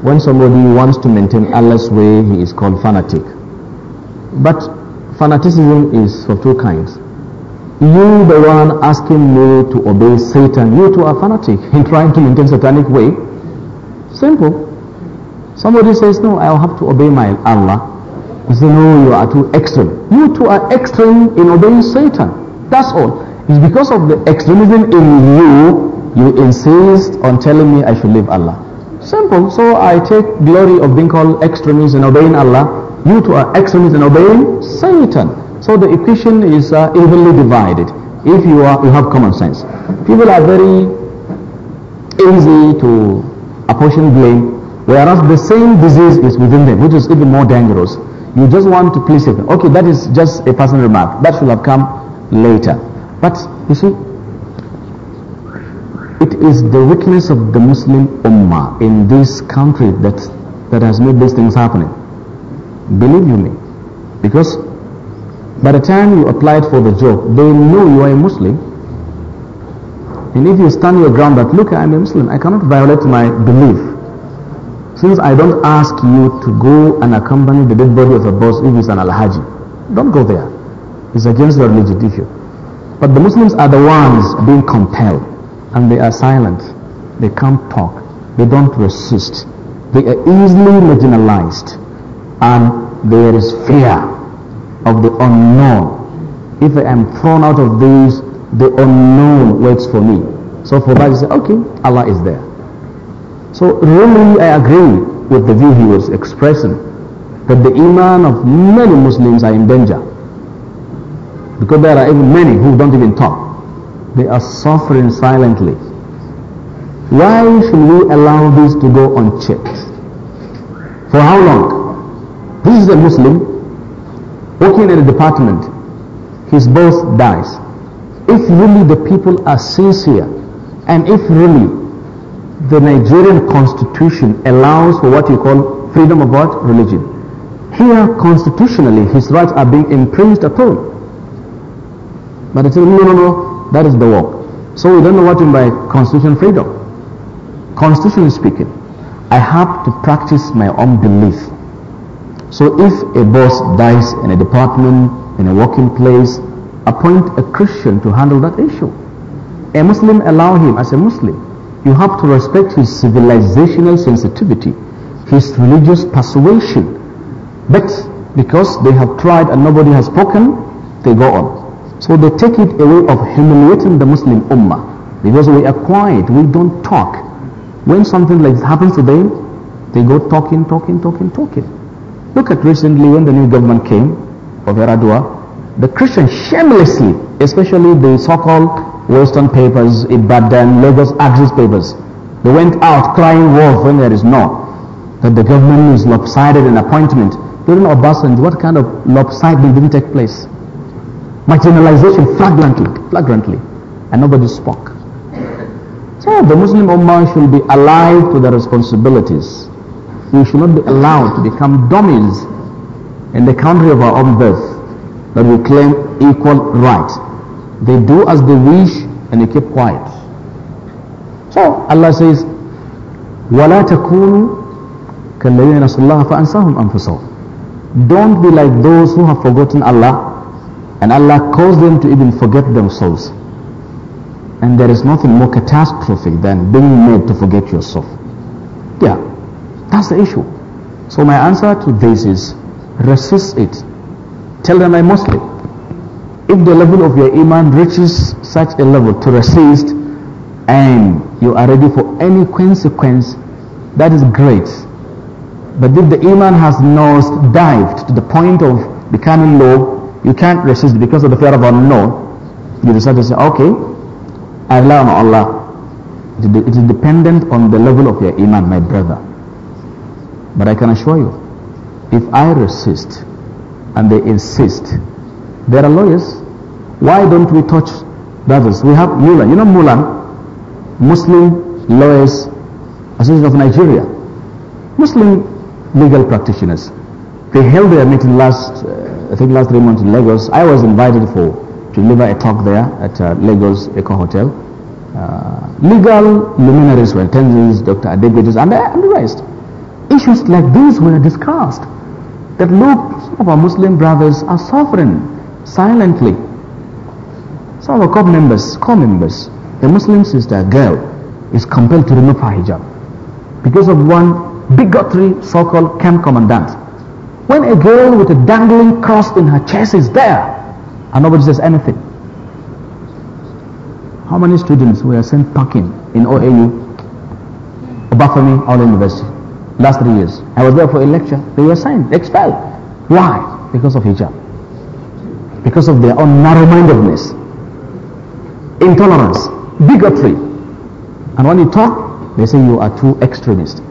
when somebody wants to maintain Allah's way, he is called fanatic. But fanaticism is of two kinds. You, the one asking me to obey Satan, you too are fanatic [LAUGHS] in trying to maintain satanic way. Simple. Somebody says, no, I'll have to obey my Allah. You say, no, you are too extreme. You too are extreme in obeying Satan. That's all. It's because of the extremism in you, you insist on telling me I should leave Allah. Simple. So I take glory of being called extremist and obeying Allah. You two are extremists and obeying Satan. So the equation is uh, evenly divided. If you are, you have common sense. People are very easy to apportion blame, whereas the same disease is within them, which is even more dangerous. You just want to please him. Okay, that is just a personal remark. That should have come later. But you see, it is the weakness of the Muslim Ummah in this country that, that has made these things happening. Believe you me. Because by the time you applied for the job, they know you are a Muslim. And if you stand your ground that, look, I'm a Muslim, I cannot violate my belief. Since I don't ask you to go and accompany the dead body of a boss if it's an al-haji, don't go there. It's against the religious issue. But the Muslims are the ones being compelled and they are silent. They can't talk. They don't resist. They are easily marginalized. And there is fear of the unknown. If I am thrown out of these, the unknown waits for me. So for that, you say, okay, Allah is there. So really, I agree with the view he was expressing that the iman of many Muslims are in danger because there are even many who don't even talk. They are suffering silently. Why should we allow this to go unchecked? For how long? This is a Muslim working in a department. His boss dies. If really the people are sincere and if really the Nigerian constitution allows for what you call freedom of what? Religion. Here, constitutionally, his rights are being infringed upon. But it's no, no, no. That is the work. So we don't know what you mean by constitutional freedom. Constitutionally speaking, I have to practice my own belief. So if a boss dies in a department, in a working place, appoint a Christian to handle that issue. A Muslim allow him as a Muslim. You have to respect his civilizational sensitivity, his religious persuasion. But because they have tried and nobody has spoken, they go on. So they take it a way of humiliating the Muslim ummah because we are quiet, we don't talk. When something like this happens to them, they go talking, talking, talking, talking. Look at recently when the new government came of Eradua, the Christians shamelessly, especially the so-called Western papers, Ibadan, Lagos Axis papers, they went out crying wolf when there is no, that the government is lopsided in appointment. During Obasanjo, what kind of lopsidedness didn't take place? marginalization flagrantly, flagrantly, and nobody spoke. So the Muslim Ummah should be alive to their responsibilities. We should not be allowed to become dummies in the country of our own birth that we claim equal rights. They do as they wish and they keep quiet. So Allah says, وَلَا تَكُونُوا كَالَّذِينَ نَسُوا اللَّهَ فَأَنْسَاهُمْ أَنفُسَهُمْ Don't be like those who have forgotten Allah and Allah caused them to even forget themselves. And there is nothing more catastrophic than being made to forget yourself. Yeah, that's the issue. So my answer to this is resist it. Tell them I'm Muslim. If the level of your iman reaches such a level to resist and you are ready for any consequence, that is great. But if the iman has not dived to the point of becoming low, you can't resist because of the fear of unknown. You decide to say, okay, I rely on Allah. It is dependent on the level of your iman, my brother. But I can assure you, if I resist and they insist, there are lawyers. Why don't we touch brothers? We have Mulan. You know Mulan? Muslim Lawyers Association of Nigeria. Muslim legal practitioners. They held their meeting last uh, I think last three months in Lagos, I was invited for to deliver a talk there at uh, Lagos Eco Hotel. Uh, legal luminaries were Tenzins, Dr. Adebetis, and, uh, and the rest. Issues like these were discussed. That look, some of our Muslim brothers are suffering silently. Some of our co members, core members, the Muslim sister girl is compelled to remove her hijab because of one bigotry so-called camp commandant when a girl with a dangling cross in her chest is there and nobody says anything. How many students were sent packing in OAU, Obafemi, All University, last three years? I was there for a lecture. They were sent, expelled. Why? Because of hijab. Because of their own narrow-mindedness, intolerance, bigotry. And when you talk, they say you are too extremist.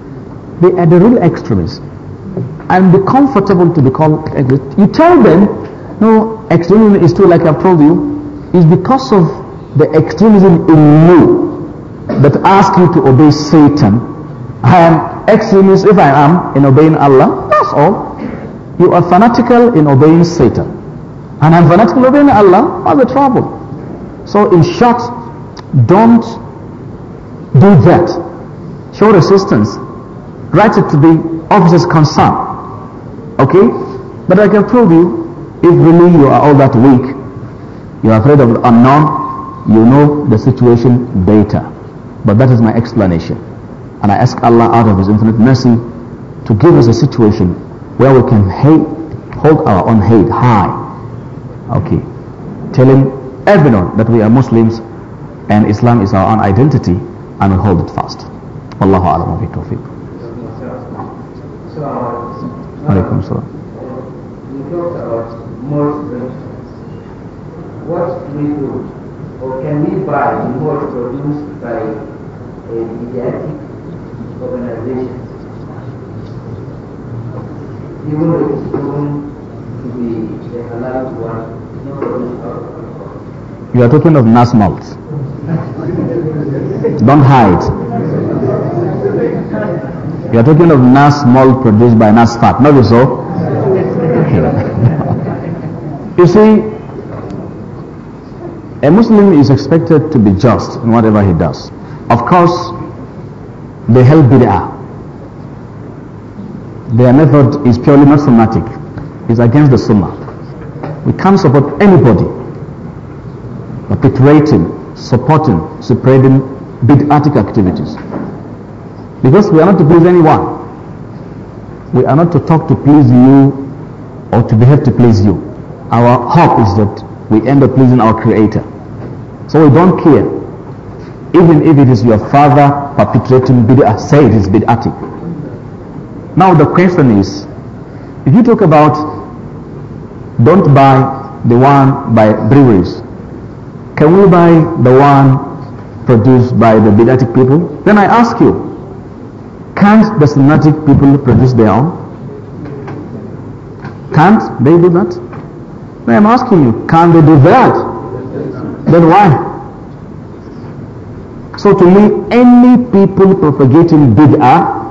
They are the real extremists and be comfortable to be called You tell them, no, extremism is true like I've told you, is because of the extremism in you that asks you to obey Satan. I am extremist if I am in obeying Allah. That's all. You are fanatical in obeying Satan. And I'm fanatical in obeying Allah. What's the trouble? So in short, don't do that. Show resistance. Write it to the officer's concerned Okay? But I can prove you, if really you are all that weak, you are afraid of the unknown, you know the situation better. But that is my explanation. And I ask Allah out of His infinite mercy to give us a situation where we can hold our own head high. Okay. Telling everyone that we are Muslims and Islam is our own identity and we hold it fast. Allahu a'lam salam. You talked about vegetables. What we or can we buy more produced by a mediatic organization? Even if it's to be the halal one, not produced out You are talking of mass malt. [LAUGHS] Don't hide. [LAUGHS] You are talking of NAS malt produced by NAS fat, not so? Oh? [LAUGHS] you see, a Muslim is expected to be just in whatever he does. Of course, the hell bid'ah. Their method is purely not fanatic. It's against the sunnah. We can't support anybody perpetuating, supporting, spreading bid'atic activities. Because we are not to please anyone. We are not to talk to please you or to behave to please you. Our hope is that we end up pleasing our Creator. So we don't care. Even if it is your father perpetrating bid'ah, say it is bid'atic. Now the question is, if you talk about don't buy the one by breweries, can we buy the one produced by the bid'atic people? Then I ask you, can't the Sunnitic people produce their own? Can't they do that? No, I'm asking you, can they do that? Then why? So to me, any people propagating bid'ah,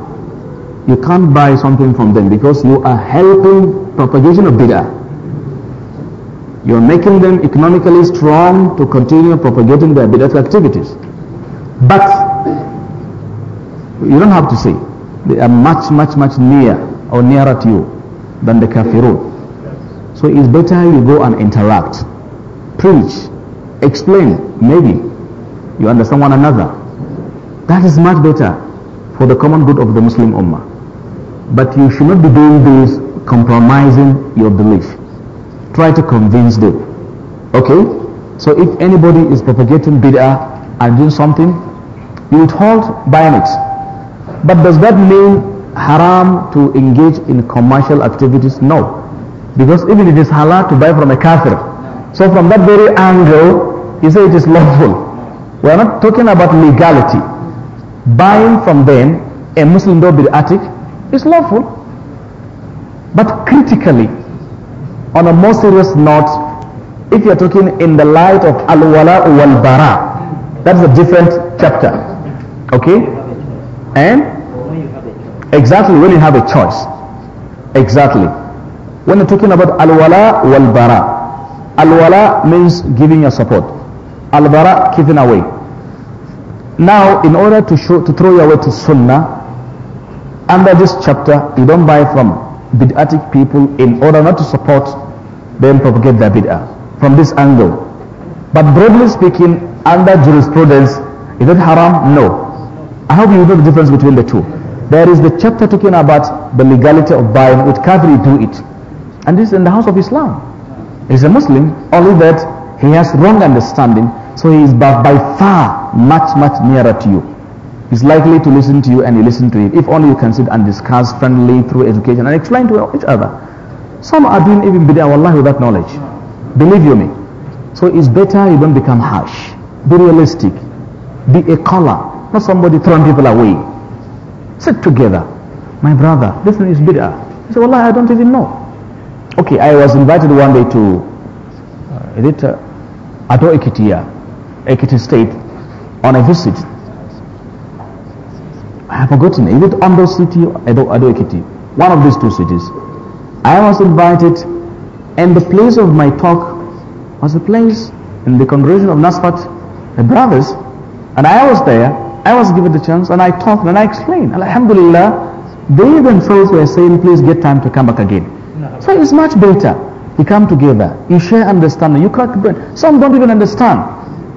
you can't buy something from them because you are helping propagation of bid'ah. You're making them economically strong to continue propagating their bid'ah activities. But you don't have to say. They are much, much, much near or nearer to you than the kafirun. So it's better you go and interact, preach, explain, maybe you understand one another. That is much better for the common good of the Muslim Ummah. But you should not be doing this compromising your belief. Try to convince them. Okay? So if anybody is propagating bid'ah and doing something, you would hold by it but does that mean haram to engage in commercial activities? No. Because even it is halal to buy from a kafir. So from that very angle, you say it is lawful. We are not talking about legality. Buying from them, a Muslim though bid'atic, is lawful. But critically, on a more serious note, if you are talking in the light of al-wala wal-bara, that is a different chapter. Okay? And Exactly when you have a choice. Exactly. When you're talking about al-wala wal-bara. Al-wala means giving your support. Al-bara, giving away. Now, in order to, show, to throw your way to sunnah, under this chapter, you don't buy from bid'atic people in order not to support them propagate their bid'ah. From this angle. But broadly speaking, under jurisprudence, is it haram? No. I hope you know the difference between the two. There is the chapter talking about the legality of buying with kafir do it. And this is in the house of Islam. He's a Muslim, only that he has wrong understanding, so he is by, by far much, much nearer to you. He's likely to listen to you and you listen to him. If only you can sit and discuss friendly through education and explain to each other. Some are doing even bid'ah wallahi without knowledge. Believe you me. So it's better you don't become harsh. Be realistic. Be a caller, not somebody throwing people away sit together. My brother, this one is bid'ah. He said, Wallah, I don't even know. Okay, I was invited one day to, uh, is it uh, Ato Ekiti, Ekiti State, on a visit. I have forgotten, is it Ondo City or Ado, Ado Ekiti? One of these two cities. I was invited, and the place of my talk was a place in the congregation of Nasfat, the brothers, and I was there. I was given the chance and I talked and I explained. Alhamdulillah, they themselves were saying, please get time to come back again. No. So it's much better. You come together, you share understanding, you crack brain. Some don't even understand.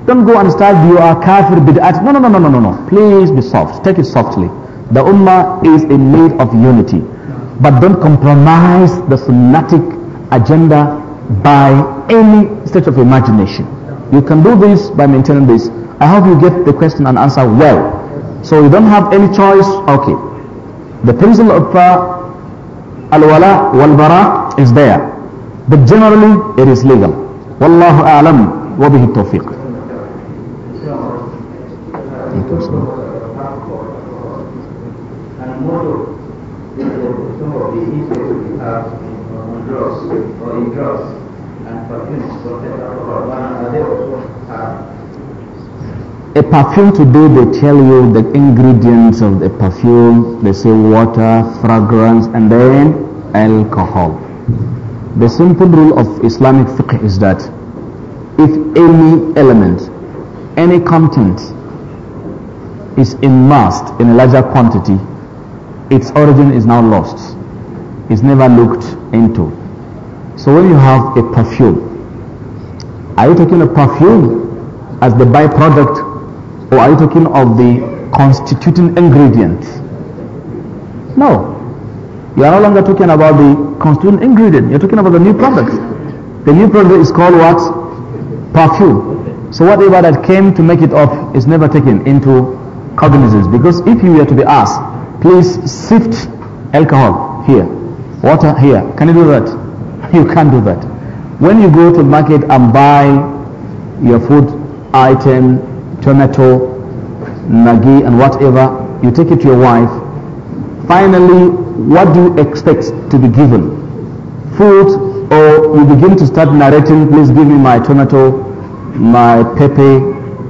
Don't go and start, you are kafir bid'at. No, no, no, no, no, no, no. Please be soft. Take it softly. The ummah is in need of unity. But don't compromise the sunnatic agenda by any state of imagination. You can do this by maintaining this. I hope you get the question and answer well. So you don't have any choice. Okay. The principle of prayer, al-wala wal-bara is there. But generally, it is legal. Wallahu a'lam wa bihi tawfiq. perfume today, they tell you the ingredients of the perfume. They say water, fragrance, and then alcohol. The simple rule of Islamic fiqh is that if any element, any content is immersed in a larger quantity, its origin is now lost. It's never looked into. So when you have a perfume, are you taking a perfume as the byproduct or are you talking of the constituting ingredients? No. You are no longer talking about the constituting ingredient. You're talking about the new product. The new product is called what? Perfume. So whatever that came to make it up is never taken into cognizance. Because if you were to be asked, please sift alcohol here, water here. Can you do that? [LAUGHS] You can't do that. When you go to market and buy your food item tomato, nagi, and whatever, you take it to your wife. Finally, what do you expect to be given? Food or you begin to start narrating, please give me my tomato, my pepper,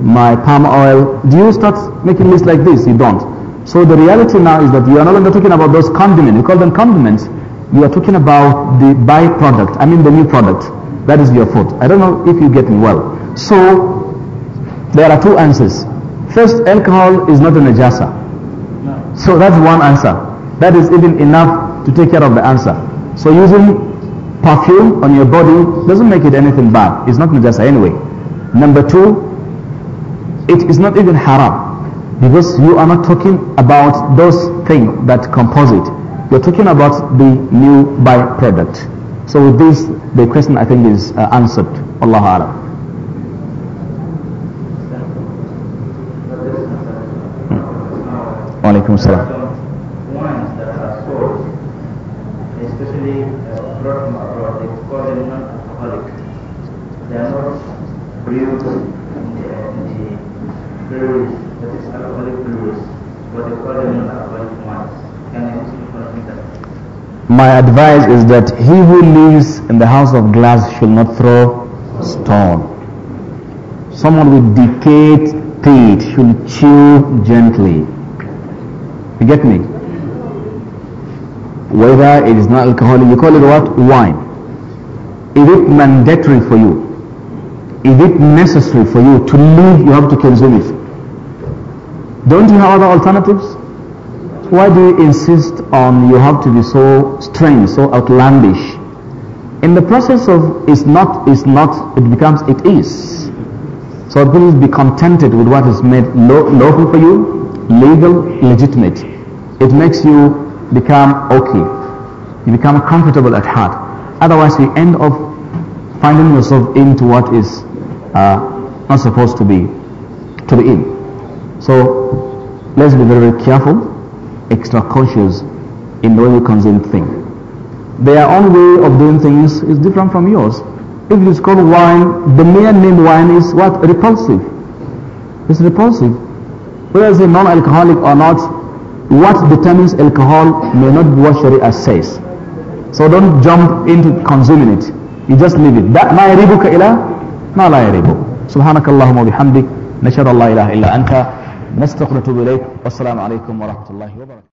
my palm oil. Do you start making lists like this? You don't. So the reality now is that you are no longer talking about those condiments. You call them condiments. You are talking about the byproduct. I mean the new product. That is your food. I don't know if you get me well. So there are two answers. First, alcohol is not a najasa. No. So that's one answer. That is even enough to take care of the answer. So using perfume on your body doesn't make it anything bad. It's not najasa anyway. Number two, it is not even haram because you are not talking about those things that compose it. You're talking about the new byproduct. So with this, the question I think is uh, answered. Allahu Alam. salam. that are sold, especially uh, brought from abroad, they call them non-alcoholic. They are not brewed in the, breweries, that is alcoholic breweries, but they call them non-alcoholic wines. Can I that? My advice is that he who lives in the house of glass should not throw stone. Someone with decayed teeth should chew gently you get me? Whether it is not alcoholic, you call it what? Wine. Is it mandatory for you? Is it necessary for you to live, you have to consume it? Don't you have other alternatives? Why do you insist on you have to be so strange, so outlandish? In the process of is not, is not, it becomes it is. So please be contented with what is made lawful for you, legal, legitimate it makes you become okay. You become comfortable at heart. Otherwise, you end up finding yourself into what is uh, not supposed to be to be in. So let's be very, very careful, extra cautious in the way you consume things. Their own way of doing things is different from yours. If you call wine, the mere name wine is what? Repulsive. It's repulsive. Whether it's non-alcoholic or not, what determines alcohol may not be what Sharia says. So don't jump into consuming it. You just leave it. That ما يريبك إلى ما لا يريبك. سبحانك اللهم وبحمدك نشهد الله إله إلا أنت نستغفرك إليك والسلام عليكم ورحمة الله وبركاته.